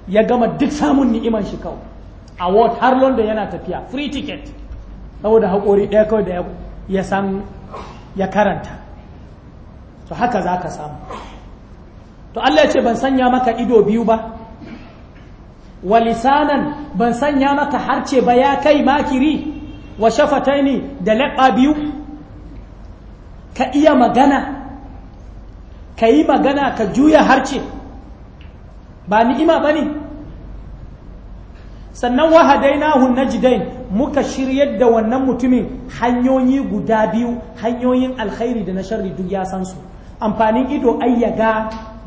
ya gama duk samun ni'iman shi kawai award har london yana tafiya free ticket saboda haƙori ɗaya kawai da ya san ya karanta to haka za ka samu to Allah ya ce ban sanya maka ido biyu ba wa lisanan ban sanya maka harce ba ya kai makiri wa shafataini da laɓa biyu ka iya magana ka yi magana ka juya harce ba ni'ima ba ne sannan hun najdain muka shiryar da wannan mutumin hanyoyi guda biyu hanyoyin alkhairi da na sharri duk ya san su amfanin ido ai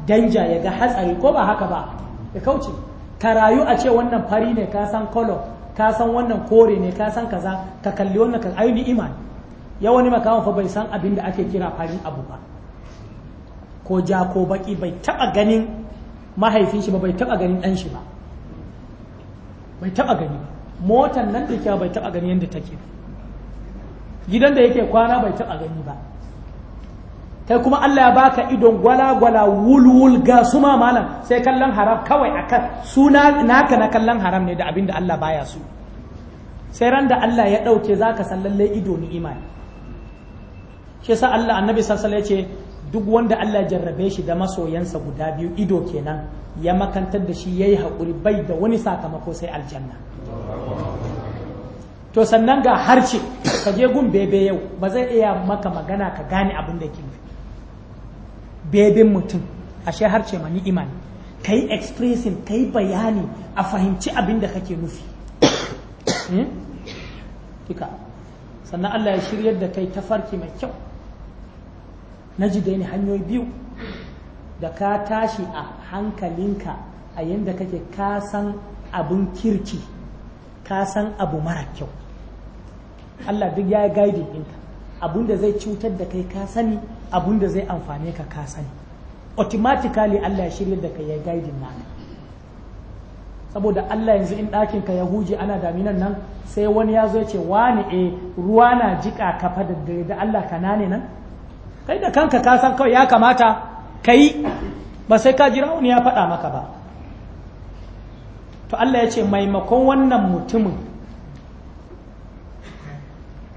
danja ya ga hatsari ko ba haka ba ya kauce ka rayu a ce wannan fari ne ka san kolo ka san wannan kore ne ka san kaza ka kalli wannan ka ayyuni iman ya wani makawan fa bai san abin da ake kira fari abu ba ko ja ko baki bai taba ganin mahaifin shi ba bai taba ganin dan shi ba bai taba gani ba motan nan da bai taba gani yadda take gidan da yake kwana bai taba gani ba kai kuma Allah ya baka idon gwala-gwala wulwul ga suma ma malam sai kallon haram kawai kan suna naka na kallon haram ne da abin da Allah baya su sai ran da Allah ya ɗauke za ka san lallai ido ni imani shi sa Allah annabi sassala ya ce duk wanda Allah jarrabe shi da masoyansa guda biyu ido kenan ya makantar da shi ya yi haƙuri bai da wani sakamako sai aljanna to sannan ga harce ka je gun bebe yau ba zai iya maka magana ka gane abin da ke nufi bebin mutum ashe harce ma ni'ima ne ka yi expressing ka yi bayani a fahimci abin da kake nufi hmm? duka sannan Allah ya shiryar da kai ta farki mai kyau na ji ne hanyoyi biyu da ka tashi a hankalinka a yadda kake kasan abin kirki kasan abu mara kyau Allah duk ya yi guiding ɗinka abin da zai cutar da kai ka sani abun da zai amfane ka ka sani automatically Allah ya shirya da kai ya guide naka saboda Allah yanzu in ɗakin ka ya huje ana daminan nan sai wani ya zo ya ce wani eh ruwa na jika kafa da dare da Allah ka nane nan kai da kanka ka san kawai ya kamata kai ba sai ka jira wani ya faɗa maka ba to Allah ya ce maimakon wannan mutumin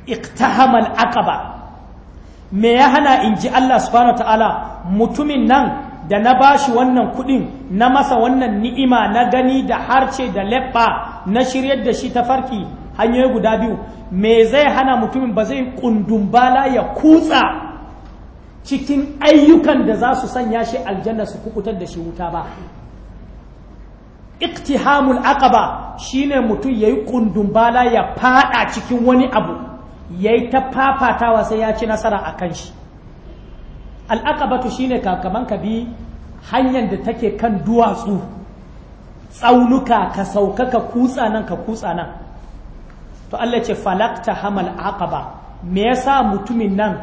iktahamal aqaba me ya hana in ji Allah subhanahu ta'ala mutumin nan da na bashi wannan kuɗin na masa wannan ni'ima na gani da harce da leɓɓa na shiryar da shi ta farki hanyoyi guda biyu me zai hana mutumin ba zai kundumbala ya kutsa cikin ayyukan da za su sanya shi aljanna su kukutar da shi wuta ba iktihamul aqaba shine mutum yayi kundumbala ya fada cikin wani abu ya yi ta fafatawa sai ya ci nasara a kan shi al'akabatu shine kakaman ka bi hanyar da take kan duwatsu tsaunuka ka sauka ka kutsa nan ka kutsa nan to Allah ce falakta hamal aqaba me yasa mutumin nan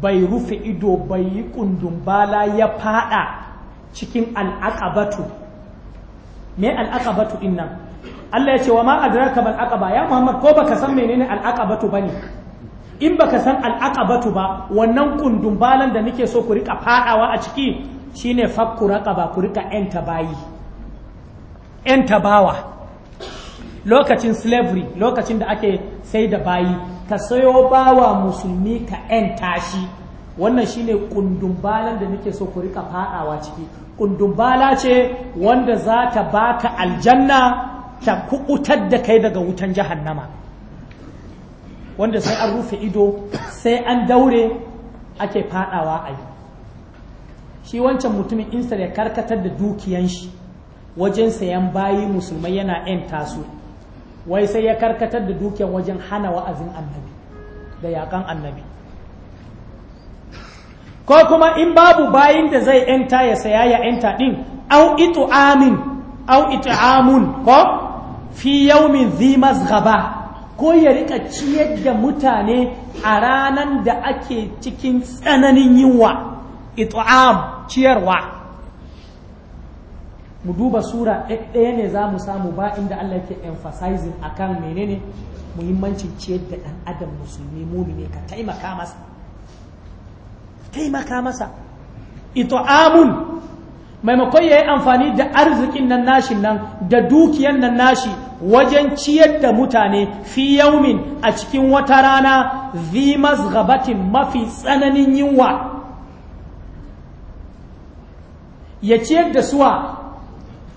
bai rufe ido bai yi kundun bala ya fada cikin al'akabatu me al'akabatu din nan Allah ya ce wa ma adraka bal aqaba ya Muhammad ko baka san menene al aqabatu bane in baka san al aqabatu ba wannan kundun balan da nake so ku rika fadawa a ciki shine fakku raqaba ku rika yan tabayi yan tabawa lokacin slavery lokacin da ake sai da bayi ka sayo bawa musulmi ka yan tashi wannan shine kundun balan da nake so ku rika fadawa ciki kundun bala ce wanda za ta baka aljanna ta kukutar da kai daga wutan jahannama wanda sai an rufe ido sai an daure ake fadawa a yi shi wancan mutumin insa ya karkatar da dukiyan shi wajen sayan bayi musulmai yana 'yan taso wai sai ya karkatar da dukiyan wajen hana wa'azin annabi da yakan annabi ko kuma in babu bayin da zai 'yanta ya saya ya 'yanta din au itu amin au itu amun ko fi yaumin zimas gaba ko ya rika ciyar da mutane a ranan da ake cikin tsananin yunwa it'am ciyarwa mu duba sura ɗaya ne za mu samu ba inda Allah ke emphasizing kan menene muhimmancin ciyar da ɗan adam musulmi mumine ka taimaka masa taimaka masa maimakon ya yi amfani da arzikin nan nashin nan da dukiyan nan nashi wajen ciyar da mutane fi yaumin a cikin wata rana zimas gabatin mafi tsananin yunwa ya ciyar da suwa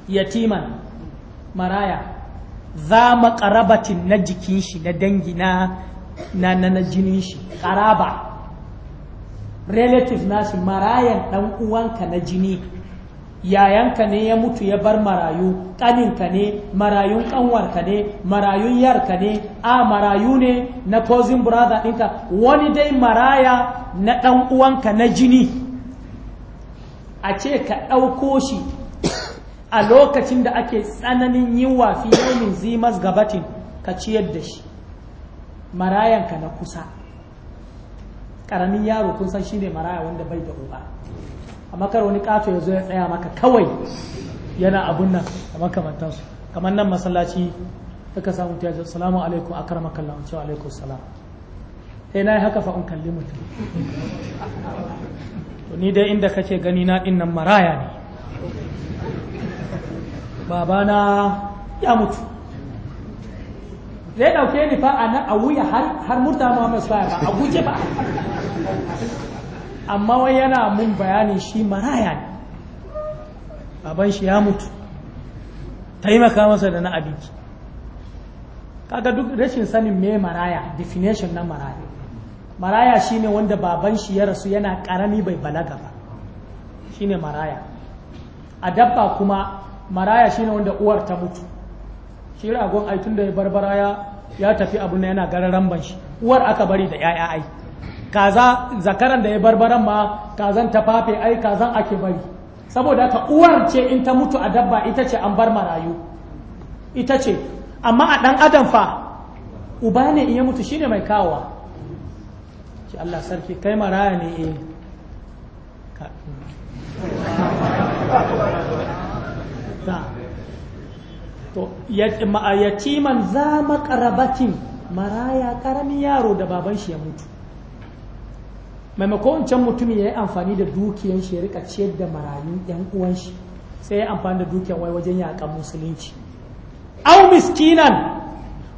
yatiman maraya za maƙarabatin na jikin shi na dangi na na na jinin shi karaba relative nashi marayan ɗan uwanka na jini yayanka ne ya mutu ya bar marayu ƙaninka ne marayun ƙanwarka ne marayun yarka ne a marayu ne na cousin brother ɗinka wani dai maraya na ɗan uwanka na jini a ce ka ɗauko shi a lokacin da ake tsananin yin wafi yaumin zimas gabatin ka ciyar da shi marayanka na kusa ƙaramin yaro kun san shi ne maraya wanda bai da uba amma kar wani kato ya zo ya tsaya maka kawai yana abun nan a makamantansu kamar nan masallaci ka samu ta yaji salamu alaikum akramaka Allah wa alaikum salam eh, na yi haka fa kalli mutum to ni dai inda kake gani na din nan maraya ne babana ya mutu zai dauke ni fa a wuya har murta Muhammad sallallahu alaihi a guje ba amma wai yana mun bayanin shi maraya ne baban shi ya mutu taimaka masa da na abinci kaga duk rashin sanin me maraya definition na maraya maraya shine wanda baban shi ya rasu yana karami bai balaga ba shine maraya a dabba kuma maraya shine wanda uwar ta mutu shi ragon ai da ya barbara ya tafi abu na yana gararan ban shi uwar aka bari da 'ya'ya ai kaza zakaran da ya barbaran ma kazan ta fafe ai kazan ake bari saboda ka uwar ce in ta mutu a dabba ita ce an bar marayu ita ce amma a dan adam fa uba ne iya mutu shine mai kawowa ce Allah sarki kai maraya ne eh to yatiman za makarabatin maraya karamin yaro da baban shi ya mutu maimakon can mutumin ya yi amfani da dukiyan shi ya rika ciyar da marayu yan uwan shi sai ya amfani da dukiyan wai wajen yakan musulunci au miskinan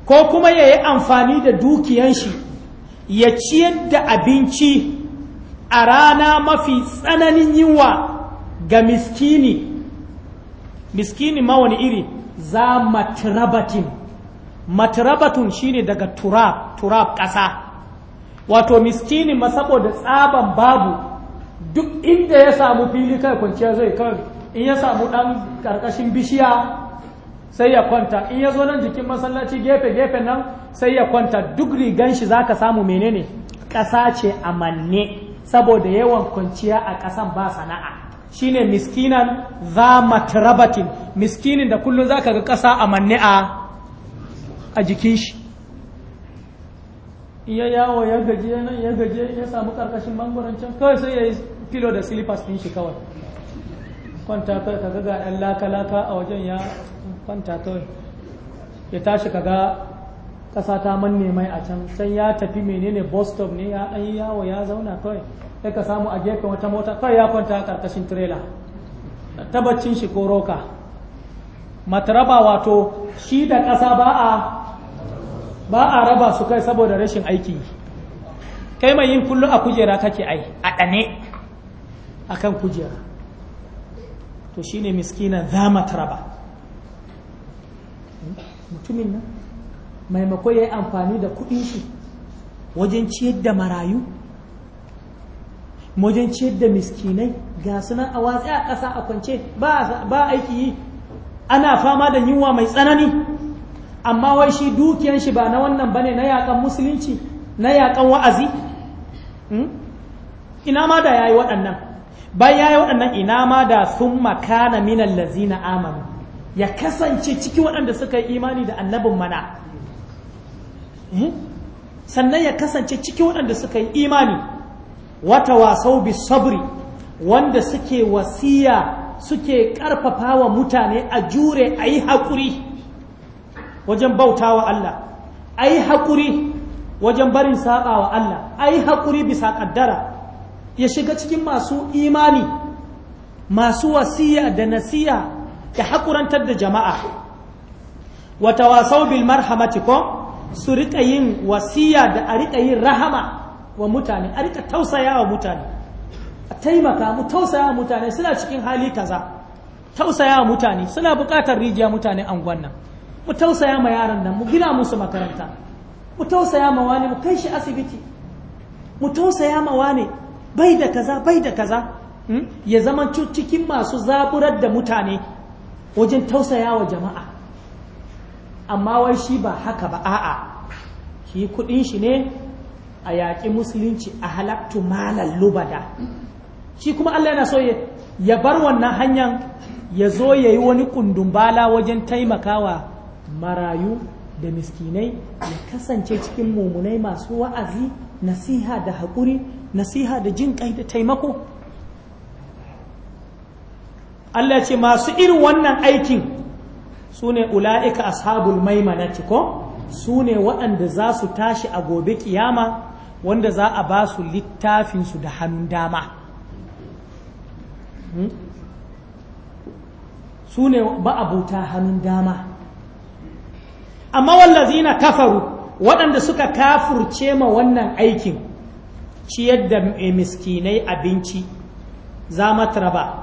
ko kuma ya yi amfani da dukiyan shi ya ciyar da abinci a rana mafi tsananin yiwa ga miskini miskini ma wani iri za matrabatin matrabatun shine daga turab turab ƙasa wato miskini ma saboda tsaban babu duk inda ya samu fili kai kwanciya zai kai, in ya samu ɗan karkashin bishiya sai ya kwanta in ya zo nan jikin masallaci gefe gefe nan sai ya kwanta duk rigan shi zaka samu menene ƙasa ce a manne saboda yawan kwanciya a ƙasan ba sana'a shine miskinan za matrabatin miskinin da kullum zaka ga ƙasa a manne a jikin shi iya yawo ya gaje nan ya gaje ya samu karkashin mangoron can kawai sai ya yi filo da silipas din shi kawai kwanta kawai ka ga 'yan laka-laka a wajen ya kwanta kawai ya tashi kaga ƙasa ta manne mai a can can ya tafi menene bus stop ne ya ɗan yawo ya zauna kawai sai ka samu a gefen wata mota kawai ya kwanta a karkashin trailer tabbacin shi ko roka mataraba wato shi da ƙasa ba a ba a raba su kai saboda rashin aikin yi kai mai yin kullum a kujera kake ai a ɗane a kan kujera to shine miskina za raba mutumin nan maimako ya yi amfani da kuɗin shi wajen ciyar da marayu wajen ciyar da miskinai ga sunan a watsi a ƙasa a kwance ba aiki yi ana fama da yunwa mai tsanani amma wai shi dukiyan shi ba na wannan bane na yakan musulunci na yakan wa'azi hmm? ina ma da yayi waɗannan bai yayi waɗannan ina ma da sun makana minal lazina amanu ya kasance ciki waɗanda suka yi imani da annabin mana hmm? sannan ya kasance ciki waɗanda suka yi imani wata wasau bi sabri wanda suke wasiya suke ƙarfafa wa mutane a jure a yi haƙuri wajen bauta wa Allah ai haƙuri wajen barin saƙa wa Allah ai haƙuri bisa ƙaddara ya shiga cikin masu imani masu wasiya da nasiya da haƙurantar da jama'a wata wasau bil su riƙa yin wasiya da a riƙa yin rahama wa mutane a riƙa tausaya wa mutane a taimaka mu tausaya wa mutane suna cikin hali kaza tausaya wa mutane suna buƙatar rijiya mutane angon nan mu tausaya ma yaran nan mu gina musu makaranta mu tausaya ma wani mu kai shi asibiti mu tausaya ma wani bai da kaza bai da kaza hmm? ya zama cikin masu zaburar da mutane wajen tausaya wa jama'a amma wai shi ba haka ba a'a shi kudin shi ne a yaƙi musulunci a halattu malar lubada shi kuma Allah yana so ya bar wannan hanyar ya zo ya yi wani kundumbala wajen taimakawa marayu da miskinai ya kasance cikin mummunai masu wa'azi nasiha da haƙuri nasiha da jin ƙai da taimako Allah ce masu irin wannan aikin su ne ula'ika ashabul maimanati ko su ne waɗanda za su tashi a gobe kiyama wanda za a ba su littafinsu da hannun dama hmm? su ne ma'abuta hannun dama amma wallazina kafaru waɗanda suka kafurce ma wannan aikin ciyar da miskinai abinci za ba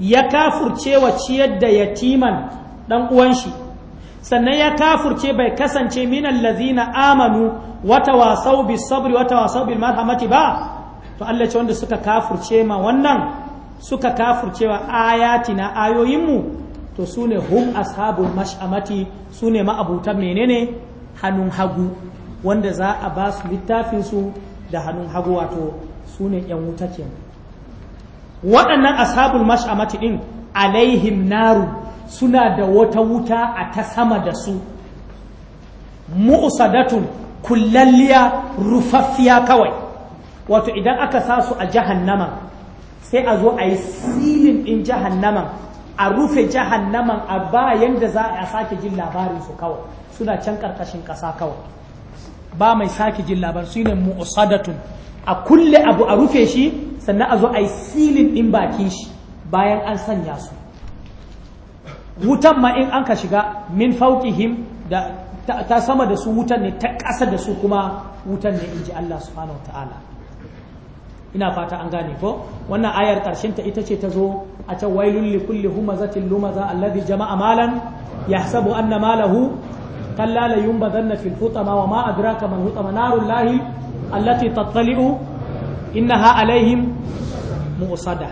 ya kafurce wa ciyar da yatiman ɗan uwan sannan ya kafurce bai kasance minan lazina amanu wata wasau bi sabri wata wasau bi marhamati ba to Allah ce wanda suka kafurce ma wannan suka kafurce wa ayatina ayoyinmu to su ne hum ashabul mash'amati su ne ma'abutan menene hannun hagu wanda za a ba su littafinsu da hannun hagu wato su ne ‘yan wuta ke waɗannan ashabul mash'amati ɗin alaihim naru suna da wata wuta a ta sama da su mu'usadatun kullalliya rufaffiya kawai wato idan aka sa su a jahannama sai a zo a yi silin ɗin jahannaman a rufe jahannaman a ba yadda za a sake jin labarin su kawai suna can karkashin ƙasa kawai ba mai sake jin labar su ne mu'usadatun a kulle abu a rufe shi sannan a zo a yi silin ɗin bakin shi bayan an sanya su wutan ma in an ka shiga min fauki da ta sama da su wutan ne ta ƙasa da su kuma wutan ne in ji Allah subhanahu wa ta'ala ina fata an gane ko wannan ayar ƙarshen ta ita ce ta zo a can wailul li kulli humazatin lumaza alladhi jama'a malan yahsabu anna malahu kalla la yunbadanna fil hutama wa ma adraka man hutama narul lahi allati tattali'u innaha alaihim mu'sada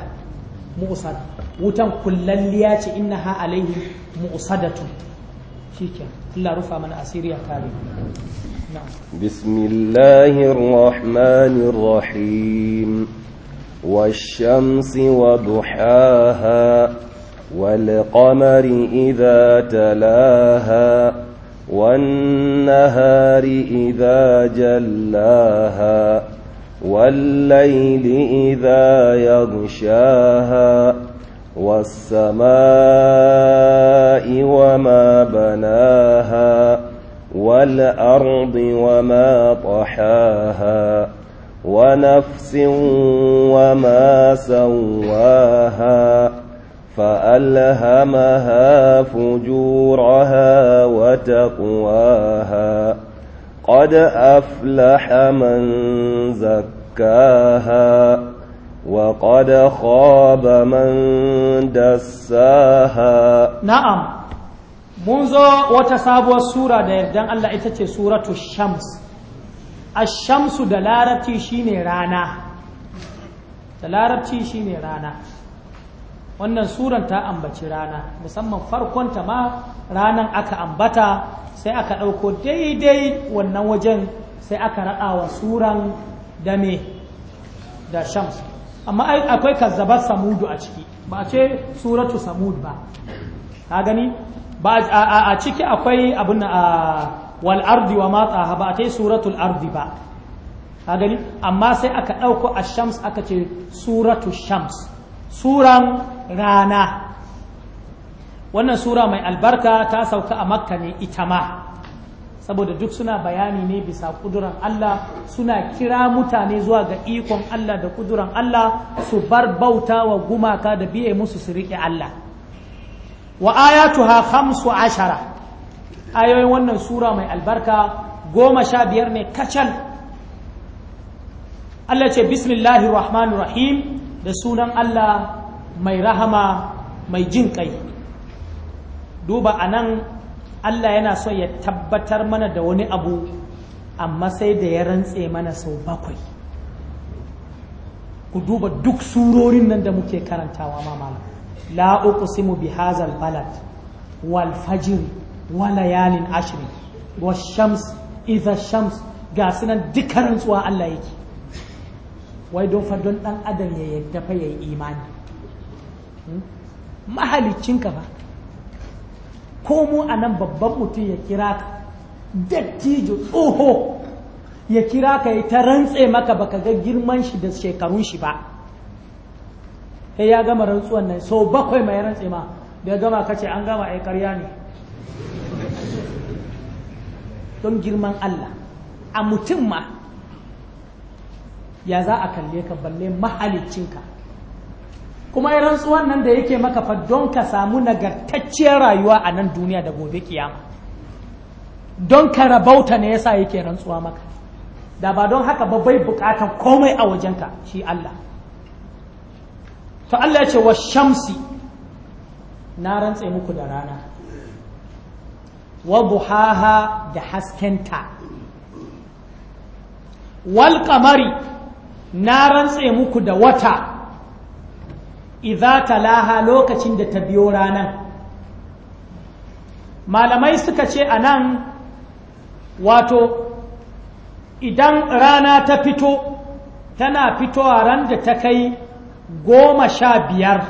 mu'sad wutan kullalliya ce innaha alaihim mu'sadatu shikenan Allah rufa mana asiri ya بسم الله الرحمن الرحيم والشمس وضحاها والقمر إذا تلاها والنهار إذا جلاها والليل إذا يغشاها والسماء وما بناها والأرض وما طحاها ونفس وما سواها فألهمها فجورها وتقواها قد أفلح من زكاها وقد خاب من دساها نعم منذ وتسابوا سورة دردان الله إتتي سورة الشمس الشمس دلارتي شيني رانا دلارتي شيني رانا wannan suran ta ambaci rana musamman farkon ta ma ranan aka ambata sai aka ɗauko daidai wannan wajen sai aka raɗa wa suran dame da shams amma akwai kazzabar samudu a ciki ba ce suratu samud ba ka gani ba a ciki akwai abin a wal ardi wa matsaha ba a ce suratul ardi ba ka gani amma sai aka dauko a shams aka ce suratu shams suran rana wannan sura mai albarka ta sauka a makka ne ita ma saboda duk suna bayani ne bisa kuduran Allah suna kira mutane zuwa ga ikon Allah da kuduran Allah su bar bauta wa gumaka da biye musu su riƙe Allah wa ayatuha khamsu ashara ayoyin wannan sura mai albarka goma sha biyar ne kacal Allah ce bismillahir rahmanir rahim da sunan Allah mai rahama mai jin kai duba anan Allah yana so ya tabbatar mana da wani abu amma sai da ya rantse mana sau bakwai ku duba duk surorin nan da muke karantawa ma malam la uqsimu bi hazal balad wal fajr wa layalin ashr wa shams idha shams ga sunan duka rantsuwa Allah yake wai don fa don dan adam ya yadda fa yayi imani hmm? mahaliccinka ba ko mu a nan babban mutum ya kira ka dattijo tsoho ya kira ka ya ta rantse maka baka ga girman shi da shekarun shi ba sai ya gama rantsuwan nan sau bakwai mai rantse ma da ya gama kace an gama ai karya ne don girman Allah a mutum ma ya za a kalle ka balle ka? kuma yi rantsuwan nan da yake maka fa don ka samu nagartacciyar rayuwa a nan duniya da gobe kiyama don ka rabauta ne yasa yake rantsuwa maka da ba don haka ba bai bukatan komai a wajenka shi Allah to Allah ya ce wa shamsi na rantse muku da rana wa buhaha da haskenta wal kamari na rantse muku da wata idza talaha lokacin da ta biyo ranan malamai suka ce a nan wato idan rana ta fito tana fitowa ran da ta kai goma sha biyar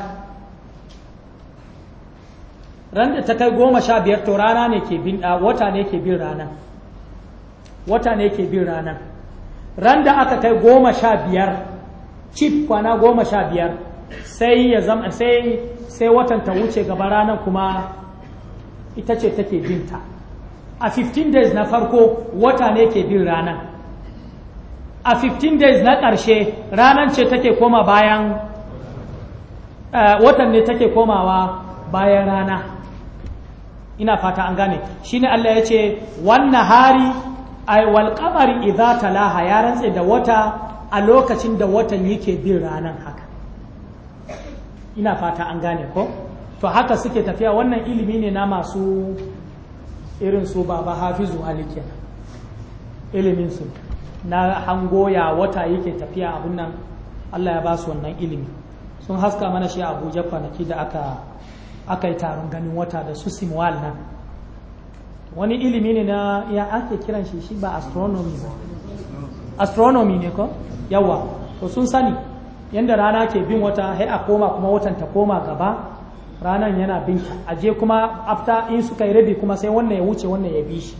ran da ta kai goma sha biyar to rana ne ke bin wata ne ke bin rana wata ne ke bin rana ran da aka kai goma sha biyar cif kwana goma sha biyar sai ya zama sai sai watan ta wuce gaba ranar kuma ita ce take binta a 15 days na farko wata ne ke bin ranar a 15 days na ƙarshe ranar ce take koma bayan eh, watan ne take komawa bayan rana ina fata an gane shi ne Allah ya ce wannan hari ai wal qamari talaha ya rantse da wata a lokacin da watan yake bin ranan haka ina fata an gane ko to haka suke tafiya wannan ilimi ne na masu irin su baba hafizu ali ilimin su na hangoya wata yake tafiya abun nan Allah ya ba su wannan ilimi sun haska mana shi Abuja kwanaki da aka aka yi taron ganin wata da su simwal nan wani ilimi ne na ya ake kiran shi shi ba astronomy ba astronomy ne ko yawa to sun sani yanda rana ke bin wata hai a koma kuma watan ta koma gaba ranan yana bin ta aje kuma afta in suka yi rabi kuma sai wannan ya wuce wannan ya bi shi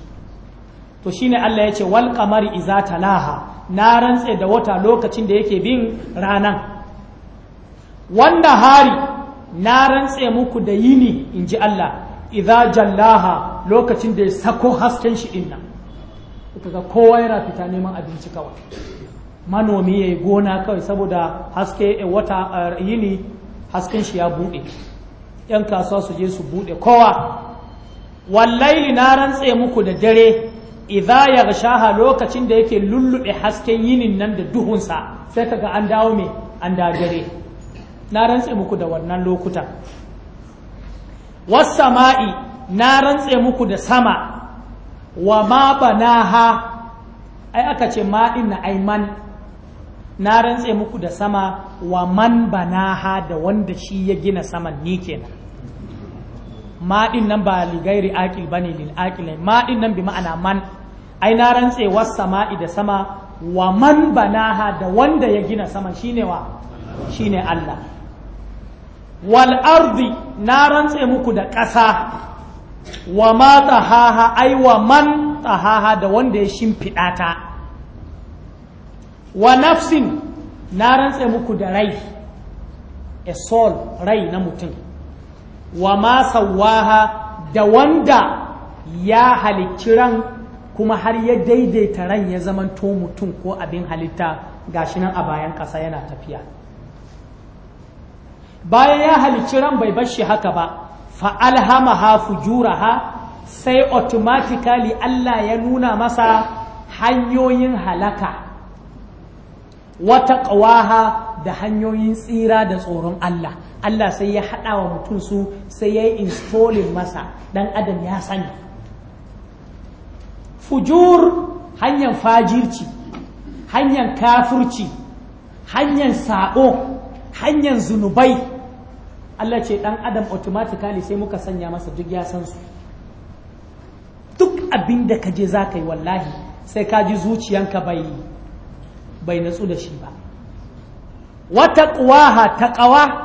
to shine Allah ya ce wal qamari iza talaha na rantse da wata lokacin da yake bin ranan wanda hari na rantse muku da yini in ji Allah iza jallaha lokacin da ya sako hasken shi dinnan kaga kowa yana fita neman abinci kawai manomi ya gona kawai saboda haske eh, wata eh, yini hasken shi ya buɗe ‘yan kasuwa su je su buɗe kowa wallaili na rantse muku da dare idza shaha lokacin da yake lullube hasken yinin nan da duhunsa sai kaga an dawo mai an da dare na rantse muku da wannan lokuta Wasu sama'i na rantse muku da sama wa ma banaha ai aka ce ma'in na aiman na rantse muku da sama wa man banaha da wanda shi ya gina saman ni kenan maɗin nan ba ligairi aƙil ba ne lil'aƙil maɗin nan bi ma'ana man ai na rantse wasu sama'i da sama wa man banaha da wanda ya gina sama shine wa shine Allah wal ardi na rantse muku da ƙasa wa ma tahaha ai wa man tahaha da wanda ya shimfiɗa ta wa nafsin na rantse muku da rai a soul rai na mutum wa ma sawaha da wanda ya halicci ran kuma har ya daidaita ran ya zamanto mutum ko abin halitta gashi nan a bayan ƙasa yana tafiya bayan ya halicci ran bai bashi haka ba fujura ha sai automatically Allah ya nuna masa hanyoyin halaka wata ƙawaha da hanyoyin tsira da tsoron Allah Allah sai ya haɗa wa mutum su sai ya yi installing masa ɗan adam ya sani fujur hanyar fajirci hanyar kafurci, hanyar saɓo hanyar zunubai Allah ce ɗan adam automatically sai muka sanya masa duk ya san su duk abin da ka je za ka yi wallahi sai ka ji zuciyanka bai bai natsu da shi ba wata kuwaha ta ƙawa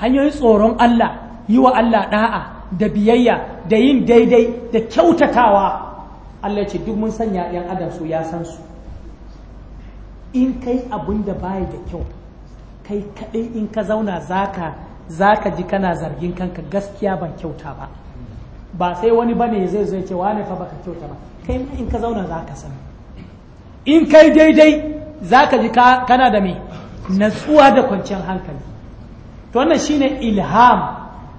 hanyoyin tsoron Allah yi wa Allah ɗa'a da biyayya da yin daidai da kyautatawa Allah ce duk mun sanya ‘yan adam su ya san su in kai abin da baya da kyau kai kaɗai in ka zauna zaka zaka ji kana zargin kanka gaskiya ban kyauta ba ba sai wani bane zai zai ce wane fa baka kyauta ba kai in ka zauna zaka sani in kai daidai za ka ji kana da mai natsuwa da kwanciyar hankali to wannan shine ilham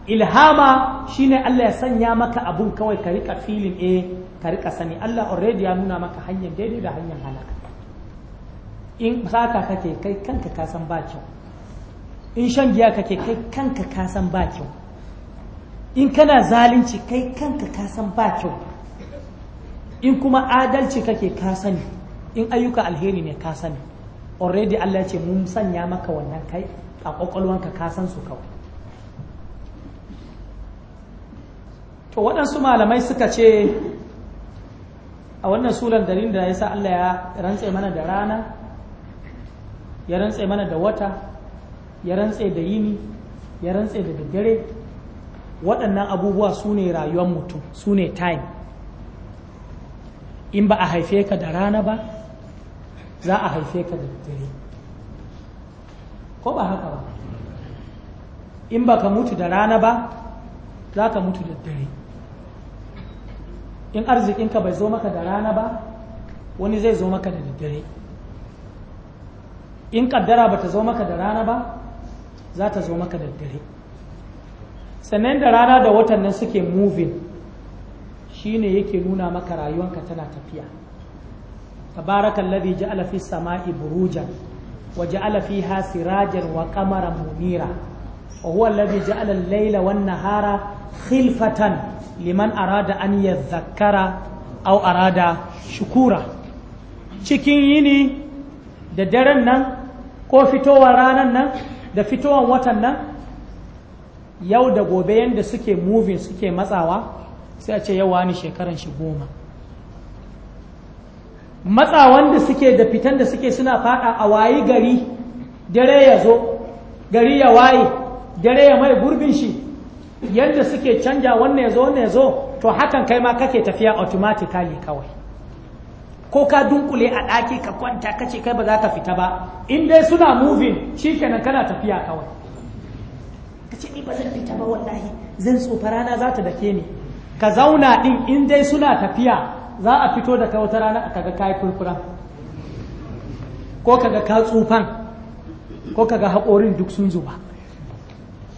ilhama shine Allah ya sanya maka abun kawai ka rika filin eh ka rika sani Allah already ya nuna maka hanyar daidai da hanyar halaka in saka kake kai kanka ka san in shan giya kake kai kanka ka san in kana zalunci kai kanka ka san in kuma adalci kake ka sani in ayyuka alheri ne ka sani already Allah ya ce mun sanya maka wannan kai a kwakwalwanka ka san su kawai to waɗansu malamai suka ce a wannan suran dalilin da ya sa Allah ya rantse mana da rana ya rantse mana da wata ya rantse da yini ya rantse da daddare waɗannan abubuwa su ne rayuwar mutum su ne time in ba a haife ka da rana ba za a haife ka da dare ko ba haka ba in ba ka mutu da rana ba za ka mutu da dare in arzikinka bai zo maka da rana ba wani zai zo maka da daddare in kaddara ba ta zo maka da rana ba za ta zo maka da daddare sannan da rana da watan nan suke moving shine yake nuna maka rayuwanka tana tafiya tabarakan ladhi ja'ala fis sama'i burujan waje alafi fiha wa kamaran munira wa huwa alladhi ja'ala al-layla wan liman arada anyar yadhakkara aw arada shukura cikin yini da daren nan ko fitowa ranar nan da fitowan watan nan yau da gobe yadda suke muvin suke matsawa sai a ce yau wani shekaran shi goma matsa wanda suke da fitan da suke suna fada a wayi gari dare ya zo gari ya waye dare ya mai gurbin shi yadda suke canja wannan ya zo wannan ya zo to hakan kai ma kake tafiya automatically kawai ko ka dunkule a ɗaki ka kwanta kace kai ba za ka fita ba in dai suna moving shikenan kana tafiya kawai kace ni ba zan fita ba wallahi zan tsofa rana za ta dake ni ka zauna din in dai suna tafiya za a fito da wata rana kaga kayi furfura ko kaga ka tsufan ko kaga haƙorin duk sun zuba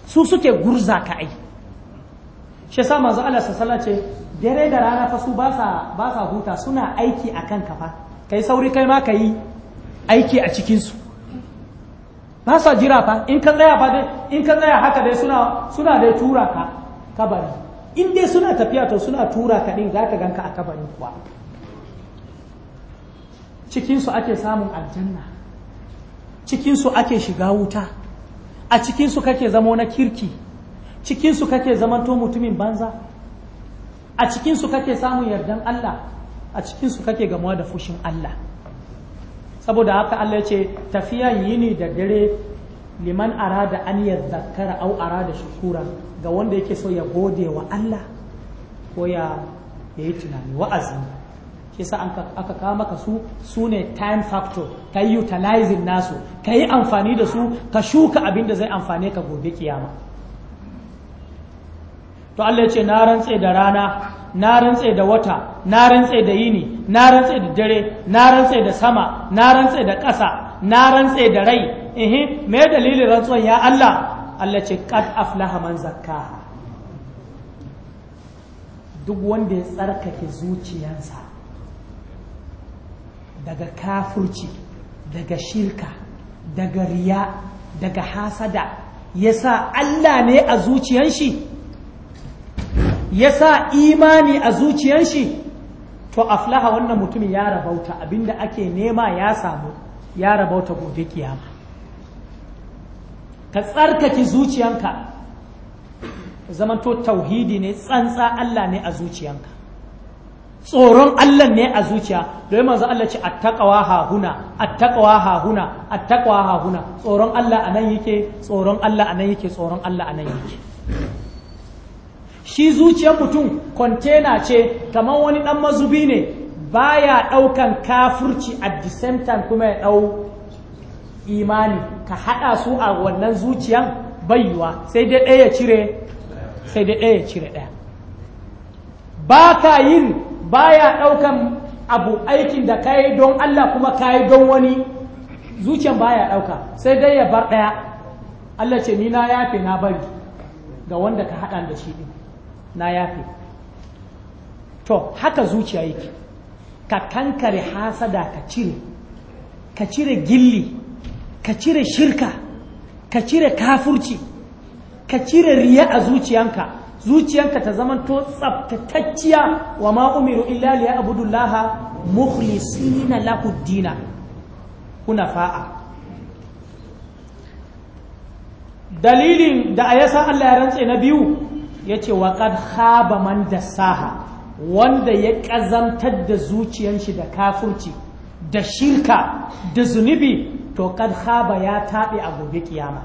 su suke gurza ka ai shi sa manzo Allah sallallahu ce dare da rana fa su ba sa huta suna aiki akan kafa kai sauri kai ma kai aiki a cikinsu. su ba sa jira fa in ka tsaya dai, in ka tsaya haka dai suna suna dai tura ka kabari in dai suna tafiya to suna tura ka din zaka ganka a kabarin kuwa Cikinsu ake samun aljanna Cikinsu ake shiga wuta a cikinsu kake zama na kirki Cikinsu su kake zamanto mutumin banza a cikin kake samun yardan Allah a cikin kake gamuwa da fushin Allah saboda haka Allah ya ce tafiyan yini da dare liman arada an ya zakara au arada shukura ga wanda yake so ya gode wa Allah ko ya yi tunani wa'azi shi sa aka kama maka su su ne time factor ka yi utilizing nasu ka yi amfani da su ka shuka abin da zai amfane ka gobe kiyama to Allah ya ce na rantse da rana na rantse da wata na rantse da yini na rantse da dare na rantse da sama na rantse da ƙasa na rantse da rai ehe me dalilin rantsuwan ya Allah Allah ce kad aflaha man zakkaha duk wanda ya tsarkake zuciyansa daga kafurci daga shirka daga riya daga hasada yasa Allah ne a zuciyan shi yasa imani a zuciyan shi to aflaha wannan mutumin ya rabauta abinda ake nema ya samu ya rabauta gobe kiyama ka tsarkake zuciyanka zamanto tauhidi ne tsantsa Allah ne a zuciyanka tsoron Allah ne a zuciya domin manzo Allah ce attaqwa ha huna attaqwa ha huna attaqwa ha huna tsoron Allah anan yake tsoron Allah anan yake tsoron Allah anan yake shi zuciyar mutum container ce kamar wani dan mazubi ne baya daukan kafurci at the same time kuma ya dau imani ka haɗa su a wannan zuciyan bayuwa sai dai ɗaya cire sai dai ɗaya cire ɗaya ba ka yin ya ɗaukan abu aikin da ka yi don Allah kuma ka yi don wani zuciyan ba ya ɗauka sai dai ya bar ɗaya Allah ce ni na yafe na bari ga wanda ka haɗa da shi ɗin na yafe to haka zuciya yake ka kankare hasada ka cire ka cire gilli ka cire shirka ka cire kafurci ka cire riya a zuciyanka zuciyanka ta zaman to tsaftatacciya wa ma umiru abudullaha mukhlisina lahuddina dina hunafa'a dalilin da a yasa Allah ya rantse na biyu ya ce wa kad saha wanda ya ƙazantar da zuciyar shi da kafurci da shirka da zunubi to kad khaba ya taɓe a gobe kiyama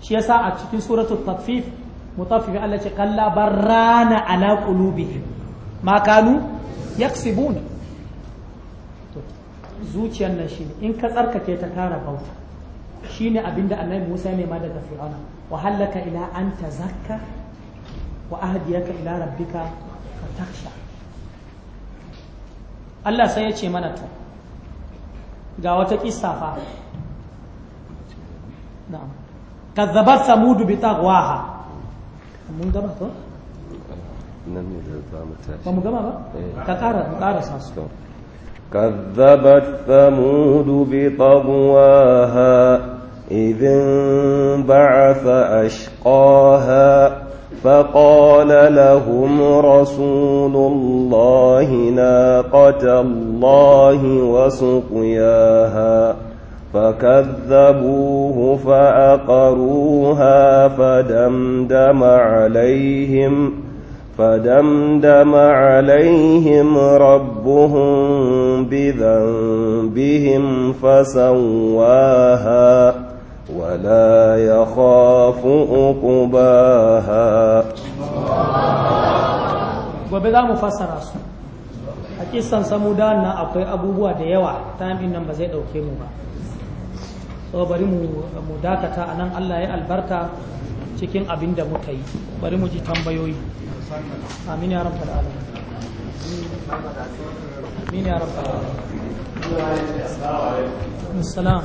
shi yasa a cikin suratul tafif mutaffif Allah ce kalla barrana ala qulubihim ma kanu yaksibuna to zuciyar nan shine in ka tsarkake ta kara bauta shine abinda annabi Musa ne ma daga Fir'auna wa hallaka ila an zakka? wa ahdiyaka ila rabbika fatakhsha Allah sai ya ce mana to ga wata kissa fa na'am kazzabat samudu bi mun gama to nan ne za mu tashi ba mu gama ba eh. ka ƙara mu ƙara sa su كذبت ثمود بطغواها إذ انبعث أشقاها فقال لهم رسول الله ناقة الله وسقياها فكذبوه فأقروها فدمدم عليهم فدمدم عليهم ربهم بذنبهم فسواها ولا يخاف عقباها gobe za mu fassara su a kisan samudan na akwai abubuwa da yawa Ta time nan ba zai dauke mu ba so bari mu dakata a nan allah ya albarka cikin abin da muka yi bari mu ji tambayoyi amin ya rabu rabbal alamin amin ya rabu rabbal alamin assalam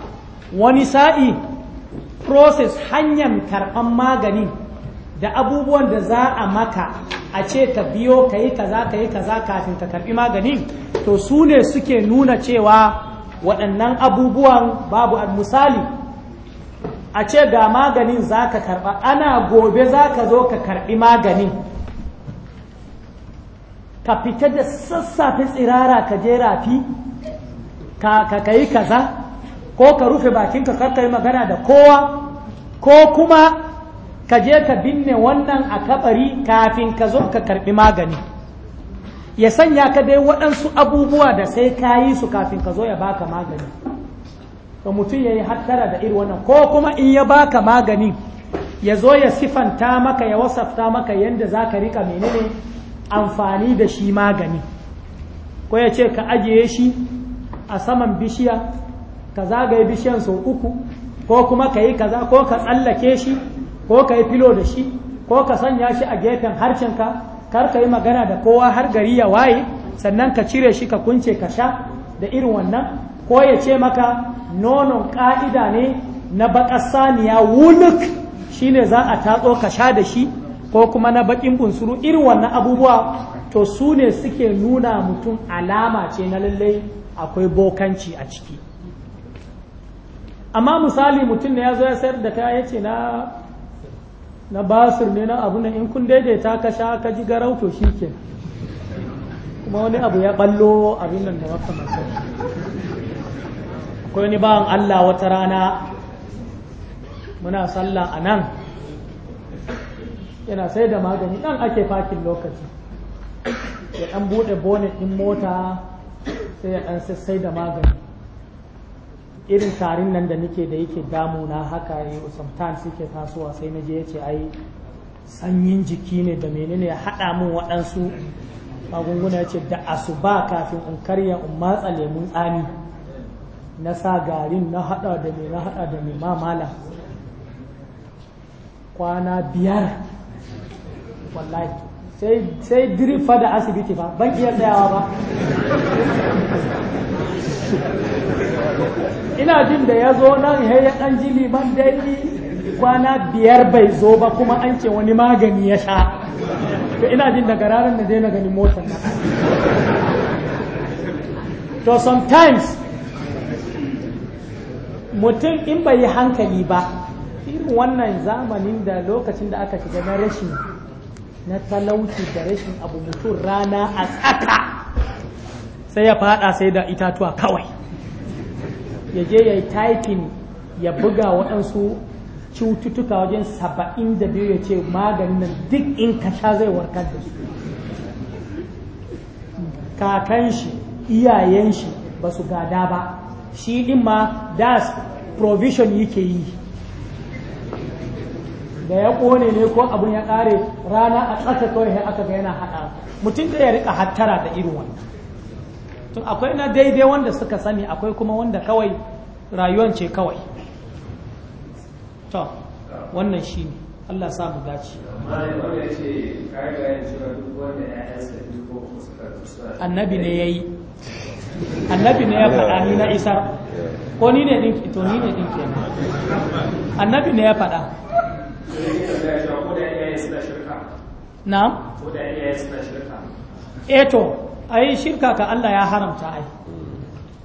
wani sa'i process hanyar karɓan magani da abubuwan da za a maka a ce ka biyo ka yi kaza ka yi kaza kafin ka karɓi magani to su ne suke nuna cewa waɗannan abubuwan babu misali a ce ga maganin za ka karɓa ana gobe za ka zo ka karɓi maganin ka fita da sassafe tsirara ka je rafi ka yi kaza ko ka rufe bakinka kar ka yi magana da kowa ko kuma ka je ka binne wannan a kabari kafin ka zo ka karbi magani ya sanya ka dai waɗansu abubuwa da sai ka yi su kafin ka zo ya baka magani to mutum ya yi hattara da iri wannan ko kuma in ya baka magani ya zo ya sifanta maka ya wasafta maka yadda za ka rika menene amfani da shi magani ko ya ce ka ajiye shi a saman bishiya ka zagaye bishiyan sau uku ko kuma ka yi kaza ko ka tsallake shi ko ka yi filo da shi ko ka sanya shi a gefen harshenka kar ka yi magana da kowa har gari ya waye sannan ka cire shi ka kunce ka sha da irin wannan ko ya ce maka nonon ka'ida ne na baƙar saniya wuluk shine za a tatso ka sha da shi ko kuma na baƙin bunsuru irin wannan abubuwa to su ne suke nuna mutum alama ce na lallai akwai bokanci a ciki amma misali mutum ne ya zo ya sayar da kaya ya ce na na basir ne na abu in kun daidaita ka sha ka ji garau to shi ke kuma wani abu ya ballo abin nan da makamansa akwai wani bawan Allah wata rana muna sallah a nan yana sai da magani ɗan ake fakin lokaci ya ɗan buɗe bonet ɗin mota sai ya ɗan sai da magani irin tarin nan da nake da yake damu na haka ya sometimes suke tasowa sai na je ya ce ai sanyin jiki ne da menene ya haɗa min waɗansu magunguna ya ce da asuba kafin in karya in matsa lemun tsami na sa garin na haɗa da me na haɗa da me mamala kwana biyar wallahi sai dirifa fa da asibiti ba ban iya tsayawa ba ina jin da ya zo nan ya dan ji liman daini kwana biyar bai zo ba kuma an ce wani magani ya sha to ina jin da gararin na daina gani motar na to sometimes mutum in bai yi hankali ba irin wannan zamanin da lokacin da aka shiga na rashin na talauci da rashin abu mutum rana a tsaka sai ya fada sai da itatuwa kawai ya je ya yi taifin ya buga waɗansu cututtuka wajen saba'in da biyu ya ce maganin nan duk in ka zai warkar da su kakan shi iyayen shi ba su gada ba shi ɗin ma das provision yake yi da ya kone ne ko abin ya kare rana a ƙasa kawai sai aka ga yana hada mutum da ya rika hattara da irin wannan tun akwai na daidai wanda suka sani akwai kuma wanda kawai rayuwan ce kawai to wannan shi ne Allah sa mu dace annabi ne ya yi annabi ne ya faɗa ni na isar ko ni ne ɗin to ni ne ɗin kenan annabi ne ya faɗa na? eto eh ai shirka ka Allah ya haramta ai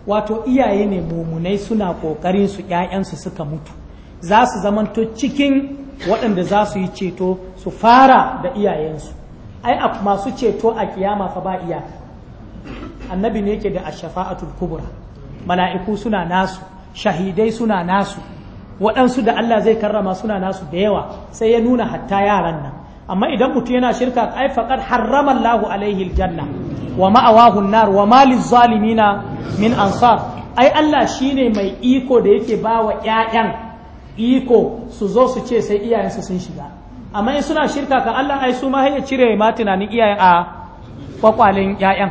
wato iyaye ne mumunai suna kokarin su ya'yansu suka mutu za su zamanto cikin waɗanda za su yi ceto su fara da iyayensu ai a masu ceto a kiyama fa ba iya annabi ne ke da ashafa'atul kubra mala'iku suna nasu shahidai suna nasu waɗansu da Allah zai karrama suna nasu da yawa sai ya nuna hatta yaran nan amma idan mutum yana shirka ai faqad harrama Allahu alaihi aljanna wa ma'awahu an-nar wa ma zalimina min ansar ai Allah shine mai iko da yake bawa ƴaƴan iko su zo su ce sai iyayensu sun shiga amma in suna shirka ka Allah ai su ma ya cire ma tunanin iyayen a kwakwalen ƴaƴan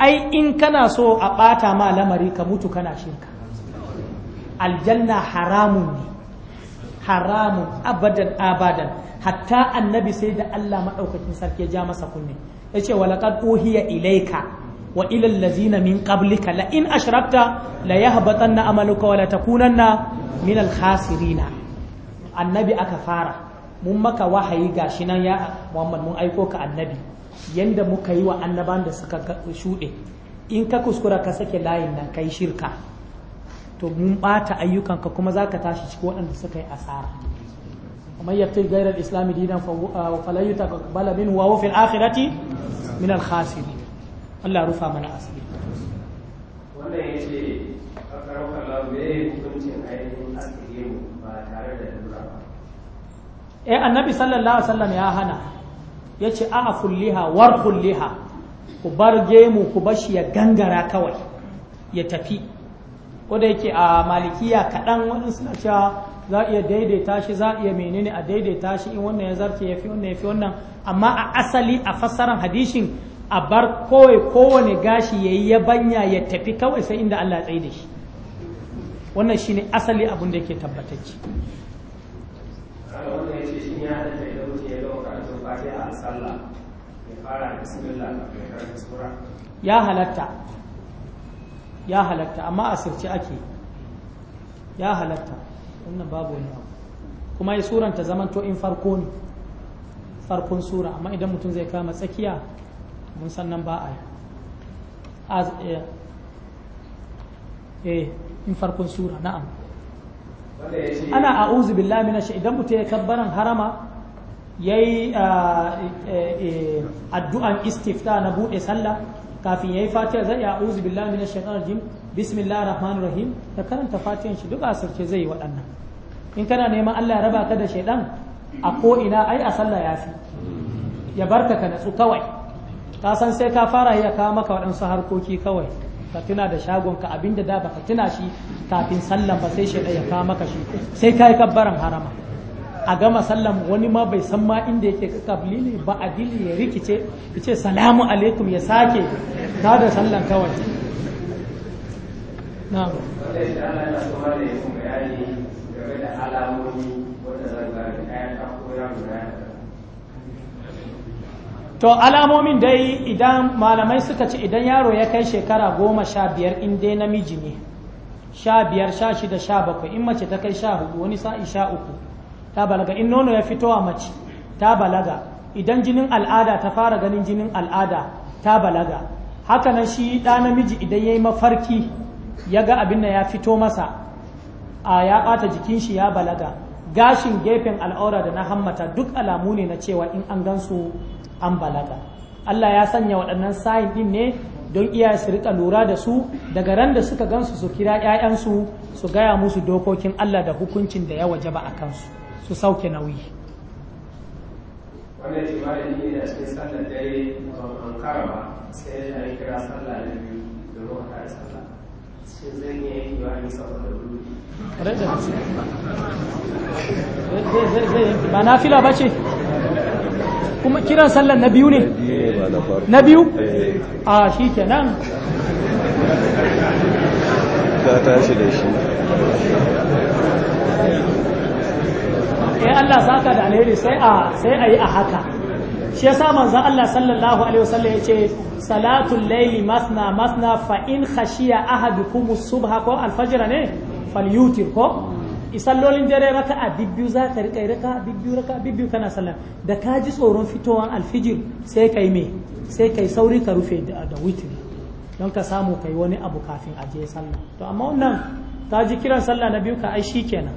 ai in kana so a ɓata ma lamari ka mutu kana shirka aljanna haramun ne haramun abadan abadan hatta annabi sai da Allah maɗaukakin sarki ya ja masa kunne ya ce wa laqad uhiya ilaika wa ila allazina min qablika la in ashrakta la na amaluka wa la kunanna min alhasirina annabi aka fara mun maka wahayi gashi nan ya Muhammad mun aiko ka annabi yanda muka yi wa annaban da suka shuɗe in ka kuskura ka sake layin nan kai shirka to mun bata ayyukanka kuma za ka tashi cikin waɗanda suka yi asara ومن يبتغي غير الاسلام دينا فلن يتقبل منه وهو في الاخره من الخاسرين الله رفع من اسري wannan ya ce a ƙasar kallon mai hukuncin ainihin asirin ba tare da lura ba eh annabi sallallahu alaihi wasallam ya hana ya ce a kulliha war kulliha ku bar gemu ku bashi ya gangara kawai ya tafi ko da yake a malikiya kaɗan waɗansu suna cewa za a iya daidaita shi za a iya menene a daidaita shi in wannan ya zarce ya fi wannan ya fi wannan amma a asali a fassaran hadishin a bar kowai kowane gashi ya yi yabanya ya tafi kawai sai inda Allah ya tsaye da shi wannan shine asali abin da yake tabbatacce ya halatta ya halatta amma asirce ake ya halatta wannan babu wani abu kuma ya suranta zaman to in farko ne farkon sura amma idan mutum zai kama tsakiya mun san nan ba a yi eh, eh, in farkon sura na'am ana a'udhu billahi minash idan mutum ya kabbaran harama yi ah, eh, addu'an istifta na buɗe sallah kafin ya yi fatiha zai ya auzu billahi minash shaitanir rajim bismillahir rahmanir rahim da karanta fatiyan shi duk a asirce zai yi waɗannan in kana neman Allah ya raba ka da shaidan a ko ina ai a sallah ya fi. ya barka ka natsu kawai ka san sai ka fara ya kawo maka waɗansu harkoki kawai ka tuna da shagon ka abinda da baka tuna shi kafin sallan ba sai shaidan ya kawo maka shi sai ka yi kabbaran harama a gama sallan wani ma bai san ma inda yake kabli ne ba adili ya rikice ya ce salamu alaikum ya sake ta da sallan kawai na na'am to alamomin dai idan malamai suka ce idan yaro ya kai shekara goma sha biyar in dai namiji ne sha biyar sha shida sha bakwai in mace ta kai sha hudu wani sa'i sha uku ta balaga in nono ya fito a mace ta balaga idan jinin al'ada ta fara ganin jinin al'ada ta balaga haka nan shi ɗa namiji idan ya yi mafarki ya ga abin da ya fito masa a ya ɓata jikin shi ya balaga gashin gefen al'aura da na hammata duk alamu ne na cewa in an gan su an balaga Allah ya sanya waɗannan sayin ɗin ne don iyaye su rika lura da su daga ran da suka gansu su kira 'ya'yansu su gaya musu dokokin Allah da hukuncin da ya waje ba a kansu. su sauke nauyi sallar ba na fila ba ce kuma kiran sallar na biyu ne na biyu a shi kenan ta tashi da shi sai Allah saka da alheri sai a sai a yi a haka shi yasa manzon Allah sallallahu alaihi wasallam ce salatul layli masna masna fa in khashiya ahadukum subha ko alfajr ne falyutir ko isallolin dare raka a bibbiyu za ka rika raka bibbiyu raka bibbiyu kana sallah da ka ji tsoron fitowar alfijir sai kai me sai kai sauri ka rufe da witiri don ka samu kai wani abu kafin a je sallah to amma wannan ta ji kiran sallah na biyu ka ai kenan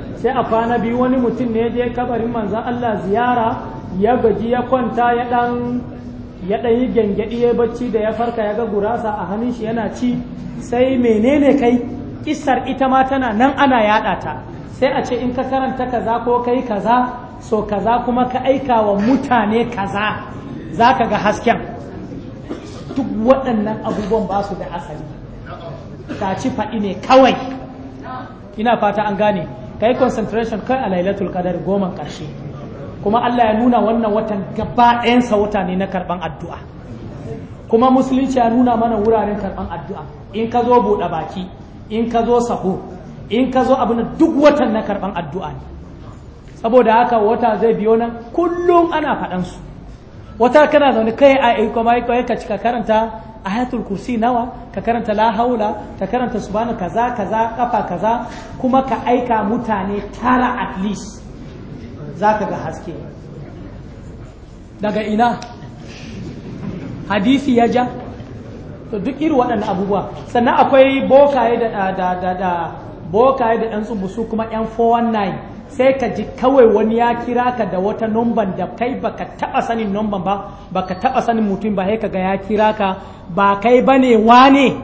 sai a kwana biyu wani mutum ne je kabarin manzan Allah ziyara ya gaji ya kwanta ya dan ya dan yi gyangyaɗi ya bacci da ya farka ya ga gurasa a hannun shi yana ci sai menene kai kissar ita ma tana nan ana yada ta sai a ce in ka karanta kaza ko kai kaza so kaza kuma ka aika wa mutane kaza za ka ga hasken duk waɗannan abubuwan ba su da asali ta ci faɗi ne kawai ina fata an gane ka yi concentration kai a lailatul qadar goman karshe kuma Allah ya nuna wannan watan gaba ɗayansa wata ne na karɓan addu'a kuma musulunci ya nuna mana wuraren karɓan addu'a in ka zo buɗe baki in ka zo sahu in ka zo abin duk watan na karɓan addu'a ne saboda haka wata zai biyo nan kullum ana faɗansu wata kana zaune kai a ikoma eh, ka cika karanta ayatul kursi nawa ka karanta la haula ka karanta subhana kaza kaza kafa kaza kuma ka aika mutane tara at least zaka ga haske daga ina hadisi ya ja to duk irin waɗannan abubuwa sannan akwai bokaye da da da bokaye da ɗan tsubusu kuma 'yan 419 sai ka ji kawai wani ya kira ka da wata numban da kai baka taba sanin numban ba baka taba sanin mutum ba sai kaga ya kira ka ba kai bane wane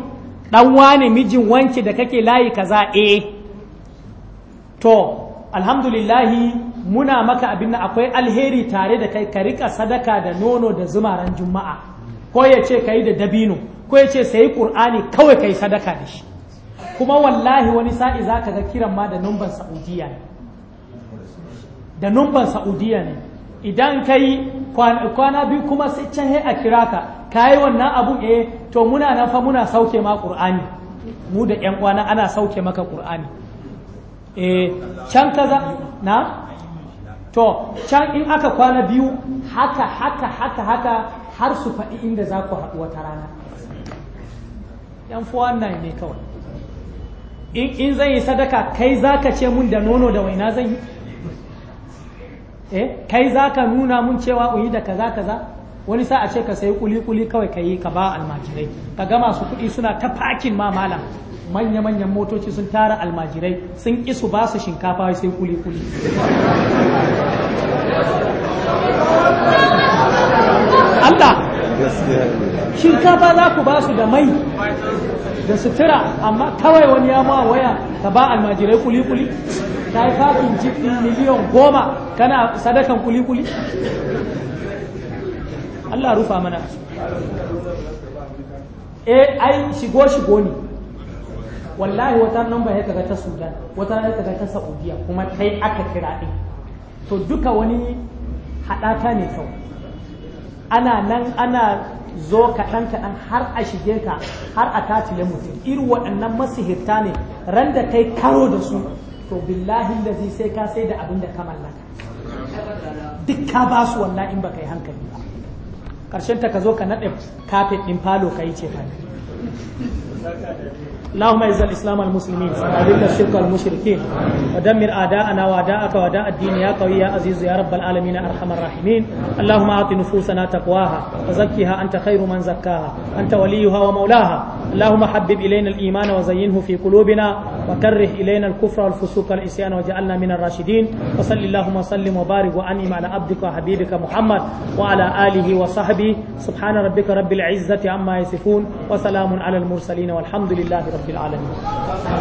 dan wane mijin wanke da kake layi kaza eh to alhamdulillahi muna maka abin na akwai alheri tare da kai ka rika sadaka da nono da zumaran juma'a ko ya ce kai da dabino ko ya ce sayi qur'ani kawai kai sadaka da shi kuma wallahi wani sa'i zaka ga kiran ma da numban saudiya ne da numban saudiya ne idan ka yi kwana biyu kuma sai can a kira ka ka yi wannan abun eh to muna nan fa muna sauke ma ƙur'ani mu da ƴan kwana ana sauke maka ƙur'ani eh can kaza na to can in aka kwana biyu haka haka haka haka har su faɗi inda za ku haɗu wata rana ƴan fuwan nan ne kawai in zan yi sadaka kai za ka ce mun da nono da waina zan yi eh kai za ka nuna mun cewa yi da kaza kaza wani sa a ce ka sayi kuli kuli kawai ka yi ka ba almajirai ka ga masu kuɗi suna ta fakin ma malam manya manyan motoci sun tara almajirai sun ki su ba su shinkafa sai kuli kuli Allah shinkafa za ku ba su da mai da sutura amma kawai wani ya ma waya ka ba almajirai kuli-kuli ta yi fakin jikin miliyan goma kana sadakan kuli-kuli Allah rufa mana e ai shigo-shigo ne wallahi wata nan ba ya kaga ta sudan wata ya kaga ta saudiya kuma kai aka kira ɗin to duka wani haɗata ne kawai ana nan ana zo kaɗan kaɗan har a shige ka har a tatile mutum irin waɗannan masihirta ne ran da kai karo da su to billahi da sai ka sai da abin da ka mallaka duk ka ba su wannan in ba yi hankali ba ƙarshen ta ka zo ka naɗe kafin ɗin falo ka yi ce fani اللهم اعز الاسلام المسلمين واذل الشرك المشركين ودمر اعداءنا واعداءك واعداء الدين يا قوي يا عزيز يا رب العالمين ارحم الراحمين اللهم اعط نفوسنا تقواها وزكها انت خير من زكاها انت وليها ومولاها اللهم حبب الينا الايمان وزينه في قلوبنا وكره الينا الكفر والفسوق والعصيان واجعلنا من الراشدين وصل اللهم وسلم وبارك وانعم على عبدك وحبيبك محمد وعلى اله وصحبه سبحان ربك رب العزه عما يصفون وسلام على المرسلين والحمد لله رب في العالمين